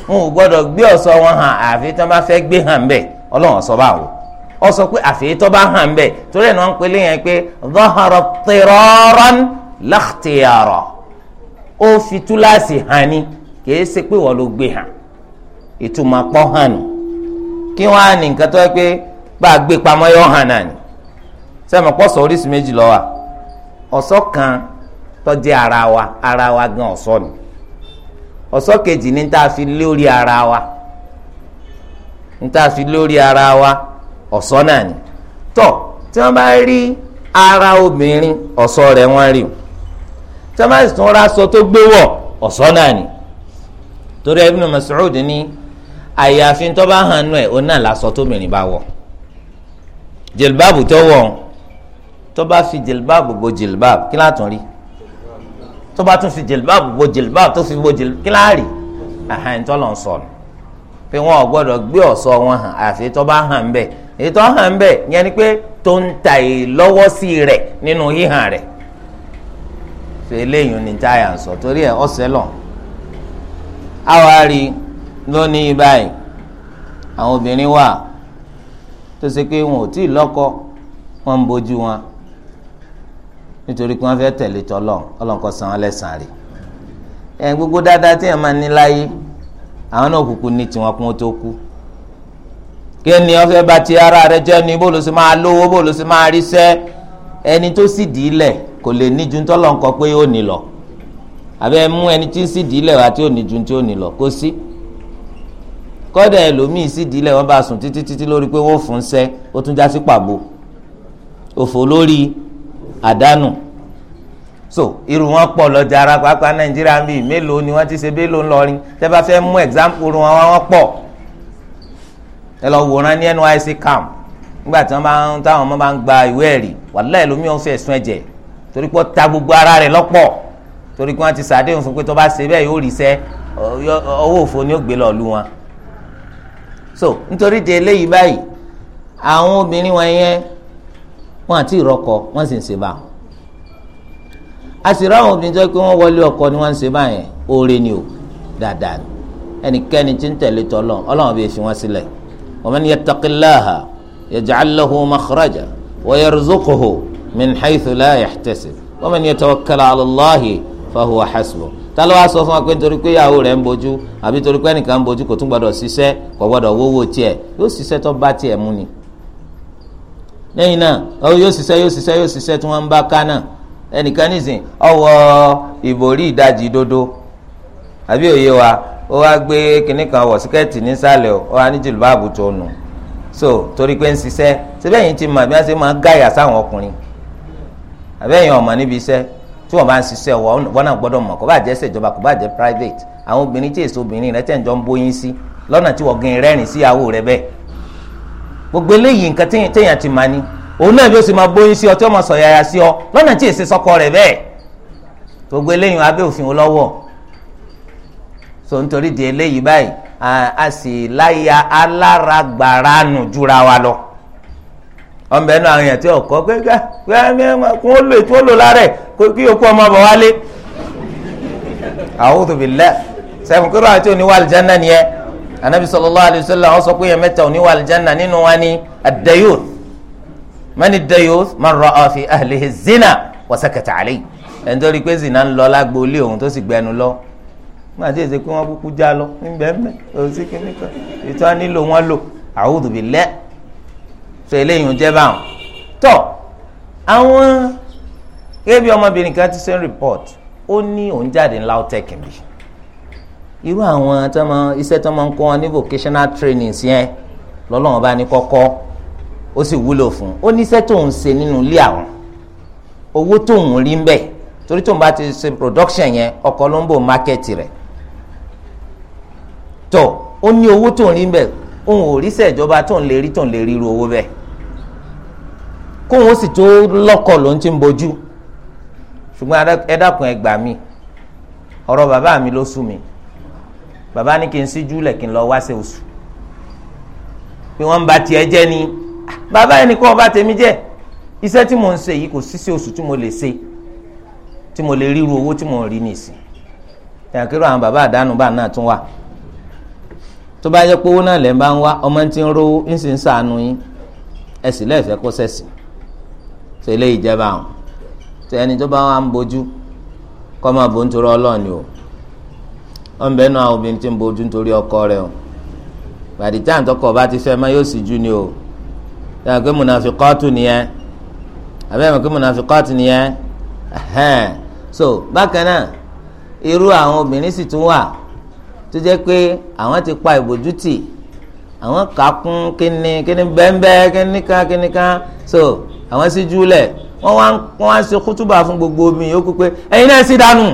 n ò gbọ́dọ̀ gbé ọ̀ṣọ́ wọn hàn àfi tó bá fẹ́ gbé hàn bẹ́ẹ̀ ọlọ́wọ́n sọ báwo ó sọ pé àfi tó bá hàn bẹ́ẹ̀ torí ẹ̀ ń pelé yẹn pé zahara tiraran lakhtiyara ó fi túláàsì hàn ni kì í ṣe pé wọ́n ló gbé hàn ìtumọ̀ pọ́ hàn nù. kí wọ́n á ní nǹkan tó yẹ pé bá a gbé pamọ́ yọ hàn náà ni sẹ́mi pọ́sọ̀ oríṣi méjì wa kan tó ara wa ara wa gan ni Ọsọ kejì ni tá fi lórí ara wa ní fi lórí ara wa náà ni tọ́ tí wọ́n bá rí ara obìnrin ọsọ rẹ̀ wọ́n rí o tí wọ́n bá sì tún ra aṣọ tó gbé wọ̀ náà ni torí àyàfi tó bá hàn nù ẹ̀ òun náà lásọ tómìnrin bá wọ̀ jìlbáàbù tó wọ̀ tó bá fi jìlbáàbù bo jìlbáàbù kí láà tún rí tó bá tún fi jìlbáàbù bo jìlbáàbù tó fi bo jìlbáàbù kí láà rí àhàn tó lọ sọ̀rọ̀ pé wọn ò gbọ́dọ̀ gbé ọ̀ṣọ́ wọn hàn àfi tó bá hàn bẹ èyí hàn bẹ yẹn ni pé tó ń ta ìlọ́wọ́sí rẹ̀ nínú híhàn rẹ̀ ṣe eléyìí ni táyà ń sọ torí ẹ̀ ọ̀sẹ̀ lọ àwa lónìí báyìí àwọn obìnrin wà tó ṣe pé wọn ò tí ì lọ́kọ wọn ń bójú wọn nítorí pé wọn fẹ́ tẹ̀lé tọ́lọ̀ ọlọ́nkọ san án lẹ́sàn-án rẹ̀ ẹ̀ gbogbo dáadáa tí yẹn máa ní láyé àwọn náà kúkú ní tiwọn kún ó tó kú kí ni wọn fẹ́ bá ti ara rẹ̀ jẹ́ ni bó ló ṣe máa lówó bó ló ṣe máa rí sẹ́ ẹni tó sì dì í lẹ̀ kò lè ní ju tọ́lọ̀ pé ó ní lọ mú ẹni tí sì dì í lẹ̀ wá tí ó ní ju tí ó ní kó sí. Si kọ́dà ẹlòmíì sì dílé wọn bá sùn títí títí lórí pé wọ́n fún sẹ́ ó tún já sí pàbó òfò lórí àdánù so irú wọn pọ̀ lọ́jà ara pàápàá nàìjíríà ń bì mélòó ni wọ́n ti ṣe bélòó ńlọrin tẹ́ bá fẹ́ mú example wọn wọn pọ̀ ẹ lọ wòran ní NYSC camp nígbà tí wọ́n bá ń táwọn ọmọ bá ń gba ìwé ẹ̀rí wàlúùláì lómi ọ̀hún fẹ́ sun ẹ̀jẹ̀ torí pé ta gbogbo ara rẹ̀ lọ́pọ̀ torí pé wọ́n ti ṣàdéhùn fún pé tó bá ṣe bẹ́ẹ̀ yóò rí iṣẹ́ owó òfò ni ó gbé lọ́ọ̀lù wọn so nítorí tí eléyìí báyìí àwọn obìnrin wọn yẹn wọn àti ìrọkọ wọn sì ń ṣe bá a sì ráwọn obìnrin tó pé wọn wọlé ọkọ ni wọn ń ṣe bá yẹn oore ni o dáadáa ẹnikẹ́ni tí ń tẹ̀lé tọ́lọ̀ ọlọ́run bí èsì wọn sílẹ̀ wa man yattaqillaha yaj'al lahu makhraja wa yarzuquhu min haythu la yahtasib wa man yatawakkal ala Allahi fa huwa hasbuh ta ló wá sọ fún wa pé nítorí pé ìyàwó rẹ̀ ń bojú àbí torí pé ẹnìkan ń bojú kò tún gbọdọ̀ ṣiṣẹ́ kò gbọdọ̀ wówó tiẹ̀ yóò ṣiṣẹ́ tó bá tiẹ̀ mú ni lẹ́yìn náà yóò ṣiṣẹ́ yóò ṣiṣẹ́ yóò ṣiṣẹ́ tí wọ́n ń bá ká náà ẹnìkan nìsín ọwọ́ ìbòrí ìdajì dodo àbí òye wa ó wá gbé kinní kan wọ̀ síkẹ́ẹ̀tì nísàlẹ̀ ó wá ní jìlúbáàbù tó nù so torí pé ń ṣiṣẹ́ síbẹ̀ yìí ti mọ̀ bí wọ́n ṣe máa gáyà sáwọn ọkùnrin àbẹ́yìn ọ̀mọ̀ níbi iṣẹ́ tí wọn bá ń ṣiṣẹ́ wọn náà gbọ́dọ̀ mọ̀ kó bá jẹ́ ṣèjọba kó bá jẹ́ private àwọn obìnrin tí èso obìnrin rẹ tẹ̀jọ́ ń bóyin sí lọ́nà tí wọ́n gan rẹ́rìn síyàwó rẹ bẹ́ẹ̀ gbogbo eléyìí nǹkan téèyàn ti máa ní òun náà bí ó sì máa bóyin sí ọ tí ó máa sọ̀yàyà sí ọ lọ́nà tí èsì sọkọ rẹ bẹ́ẹ̀ gbogbo eléyìí abẹ́ òfin olọ́wọ́ so nítorí di eléyìí báyìí a sì láyà alára gbàrà nù jura wa lọ ọmọbẹ náà àwọn èèyàn tí ọkọ gbẹgbẹ kó lò tí ó lò lára ẹ kí okú ọmọ bọ wálé a'udhu billah sẹfún kúrò àti oníwà àlìjáná ni ẹ anabi sallallahu alayhi wa sallam wọn sọ pé yẹn mẹ́ta oníwà àlìjáná nínú wa ni ad-dayuth man ad-dayuth man ra'a fi ahlihi zina wa sakata alayhi ẹni tó rí i pé zina ń lọ lágbo ilé òun tó sì gbẹnu lọ wọn àti èsè pé wọn kúkú já lọ níbẹ̀ mẹ́ òsì kìnnìkan ìtọ́ nílò wọn lò a'udhu billah so eléyìí ń jẹ́ báwọn tọ́ àwọn gẹ́gẹ́ bí ọmọbìnrin kan ti ṣe report ó ní òun jáde ńlá ọtẹ́kì bí irú àwọn iṣẹ́ tó máa ń kọ́ wọn ní vocational trainings yẹn lọ́lọ́wọ́n bá ní kọ́kọ́ ó sì wúlò fún un ó níṣẹ́ tó ń ṣe nínú ilé àwọn owó tó rí ń bẹ̀ torí tó bá ti ṣe production yẹn ọkọ̀ ló ń bò mákẹ́tì rẹ̀ tó ó ní owó tó ń rí ń bẹ̀ òun ò ríṣẹ́ ìjọba tó lè rí tó ń lè ríru owó bẹ́ẹ̀ kóun ó sì tó lọ́kọ̀ ló ń ti ń bojú ṣùgbọ́n ẹ dákun ẹ gbà mí ọ̀rọ̀ bàbá mi ló sú mi bàbá ní kí n síjú lẹ̀ kí n lọ wá ṣe oṣù pé wọ́n ń ba tiẹ̀ jẹ́ ni bàbá ẹni kọ́ ọba tèmi jẹ́ iṣẹ́ tí mo ń ṣe yìí kò síṣe oṣù tí mo lè ṣe tí mo lè ríru owó tí mo ń rí nìsín ìyàkérò àwọn bàbá àdánù bá náà tún wà tó bá yẹ pé owó náà lẹ́ ń bá ń wá ọmọ tí ń rówó ń sì ń sàánú yín ẹ sì lẹ́ẹ̀fẹ́ kó sẹ́sìn sẹlẹ ìjẹba àwọn sẹni tó bá wà ń bójú kọ́ máa bò ń torí o wọ́n bẹ́ẹ̀ náà obìnrin tí ń bójú nítorí ọkọ rẹ̀ o gbàdí táwọn tọkọ bá ti fẹ́ má yóò sì jú ni o yàrá pé mùnàfíkọ́tù nìyẹn àbẹ́rẹ́ mọ̀ pé mùnàfíkọ́tù nìyẹn so bákan náà irú àwọn obìnrin sì tún wà tó jẹ́ pé àwọn ti pa ìbòjú tì àwọn kà kún kíni kíni bẹ́ẹ̀ bẹ́ẹ̀ kíni ká kíni ká so àwọn sì júlẹ̀ wọ́n wá wọ́n wá ṣe kútùbà fún gbogbo omi yòókù pé ẹ̀yin náà sì dànù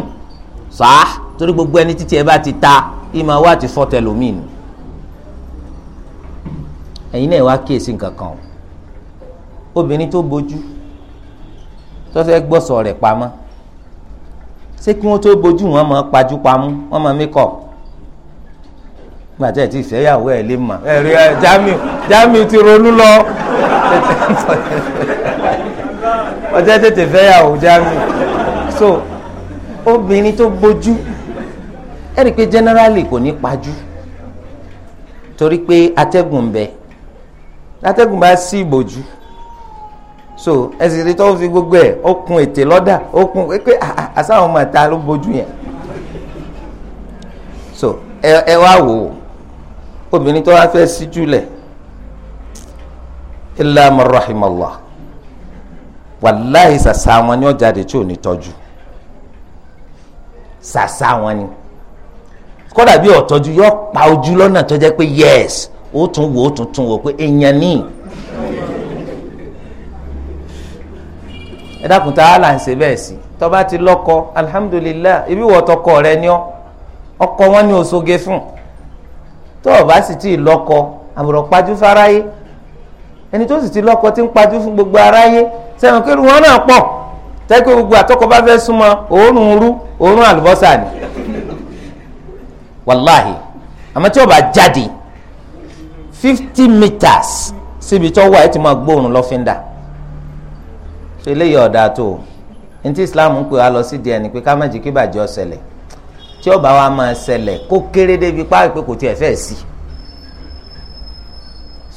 sáà torí gbogbo ẹni títí ẹ bá ti ta ìmọ̀ wa ti fọ́ tẹlómìn ẹ̀yin náà wá kíyèsí nǹkan kan o obìnrin tó bojú tó fẹ́ gbọ́sọ̀ rẹ̀ pamọ́ ṣé kí wọ́n tó bojú wọn máa pajú pamọ́ wọ́n máa mékọ̀ gbàtẹ́ ti fẹ́yàwó ẹ̀ lè mà ẹ̀rí ẹ̀ Jamiu Jamiu ti ronú lọ. ọjọ́ tètè fẹ́ yà ó jáàmù so obìnrin tó bójú ẹ rí i pé generally kò ní pajú torí pé atẹ́gùn ń bẹ atẹ́gùn bá sí ìbòjú so ẹsìn tí tó fi gbogbo ẹ̀ ó kun ètè lọ́dà ó kun pé àsáwọn ọmọ ẹ̀ta ló bójú yẹn so ẹ wá wò ó obìnrin tó wá fẹ́ síjú lẹ̀ illa man rahimallah. wàláhì sàṣà wọn ni ó jáde tí ò ní tọ́jú sàṣà wọn ni kódà bí ọ̀tọ́jú yọ pa ojú lọ́nà tó jẹ́ pé yes ó tún wò ó tún tún wò pé èèyàn ní. ẹ dákun tá a là ń ṣe bẹ́ẹ̀ sí tó ti lọ́kọ alihamudulilayi ibi wọ́ tọkọ rẹ ni ọ́ ọkọ wọn ni oṣoge fún tó o bá sì ti lọ́kọ àbúrò pajú fáráyé ẹni tó sì ti lọ́kọ tí ń pajú fún gbogbo aráyé sẹ́wọ̀n kí wọn náà pọ̀ tẹ́kọ̀ gbogbo àtọ́kọ bá fẹ́ súnmọ́ òórùn rú òórùn àlùbọ́sà ni wàláhì àmọ́ tí ó bá jáde fifty meters síbi tó wà ẹ ti máa gbóòórùn lọ́fíńdà ṣe eléyìí ọ̀dà tó ntí Islam ń pè wá lọ sí díẹ̀ ni pé ká má jẹ́ kí bàjẹ́ ó tí ó wa máa ṣẹlẹ̀ kó kéré débi páàpẹ́ kò tiẹ̀ fẹ́ sí i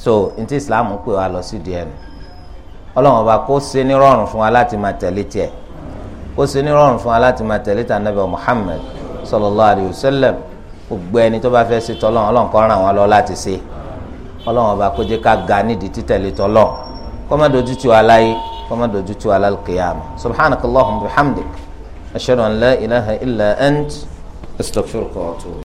so ntí islam pè wá lọ sí díẹ̀ nù ọlọ́run ọba kó ṣe ní rọrùn fún wa láti máa tẹ̀lé tiẹ̀ kó ṣe ní rọrùn fún wa láti máa tẹ̀lé tà nàbẹ̀ muhammed sallallahu alayhi wa sallam gbogbo ẹni tó bá fẹ́ ṣe tọ́lọ́ ọlọ́run kó ràn wọ́n lọ láti ṣe ọlọ́run ọba kó jẹ́ ká ga nídìí títẹ̀lé tọ́lọ́ kó má dojú láyé kó má dojú lálùkìyàmù subhanaka allahumma wa bihamdik ashhadu an la ilaha illa ant astaghfiruka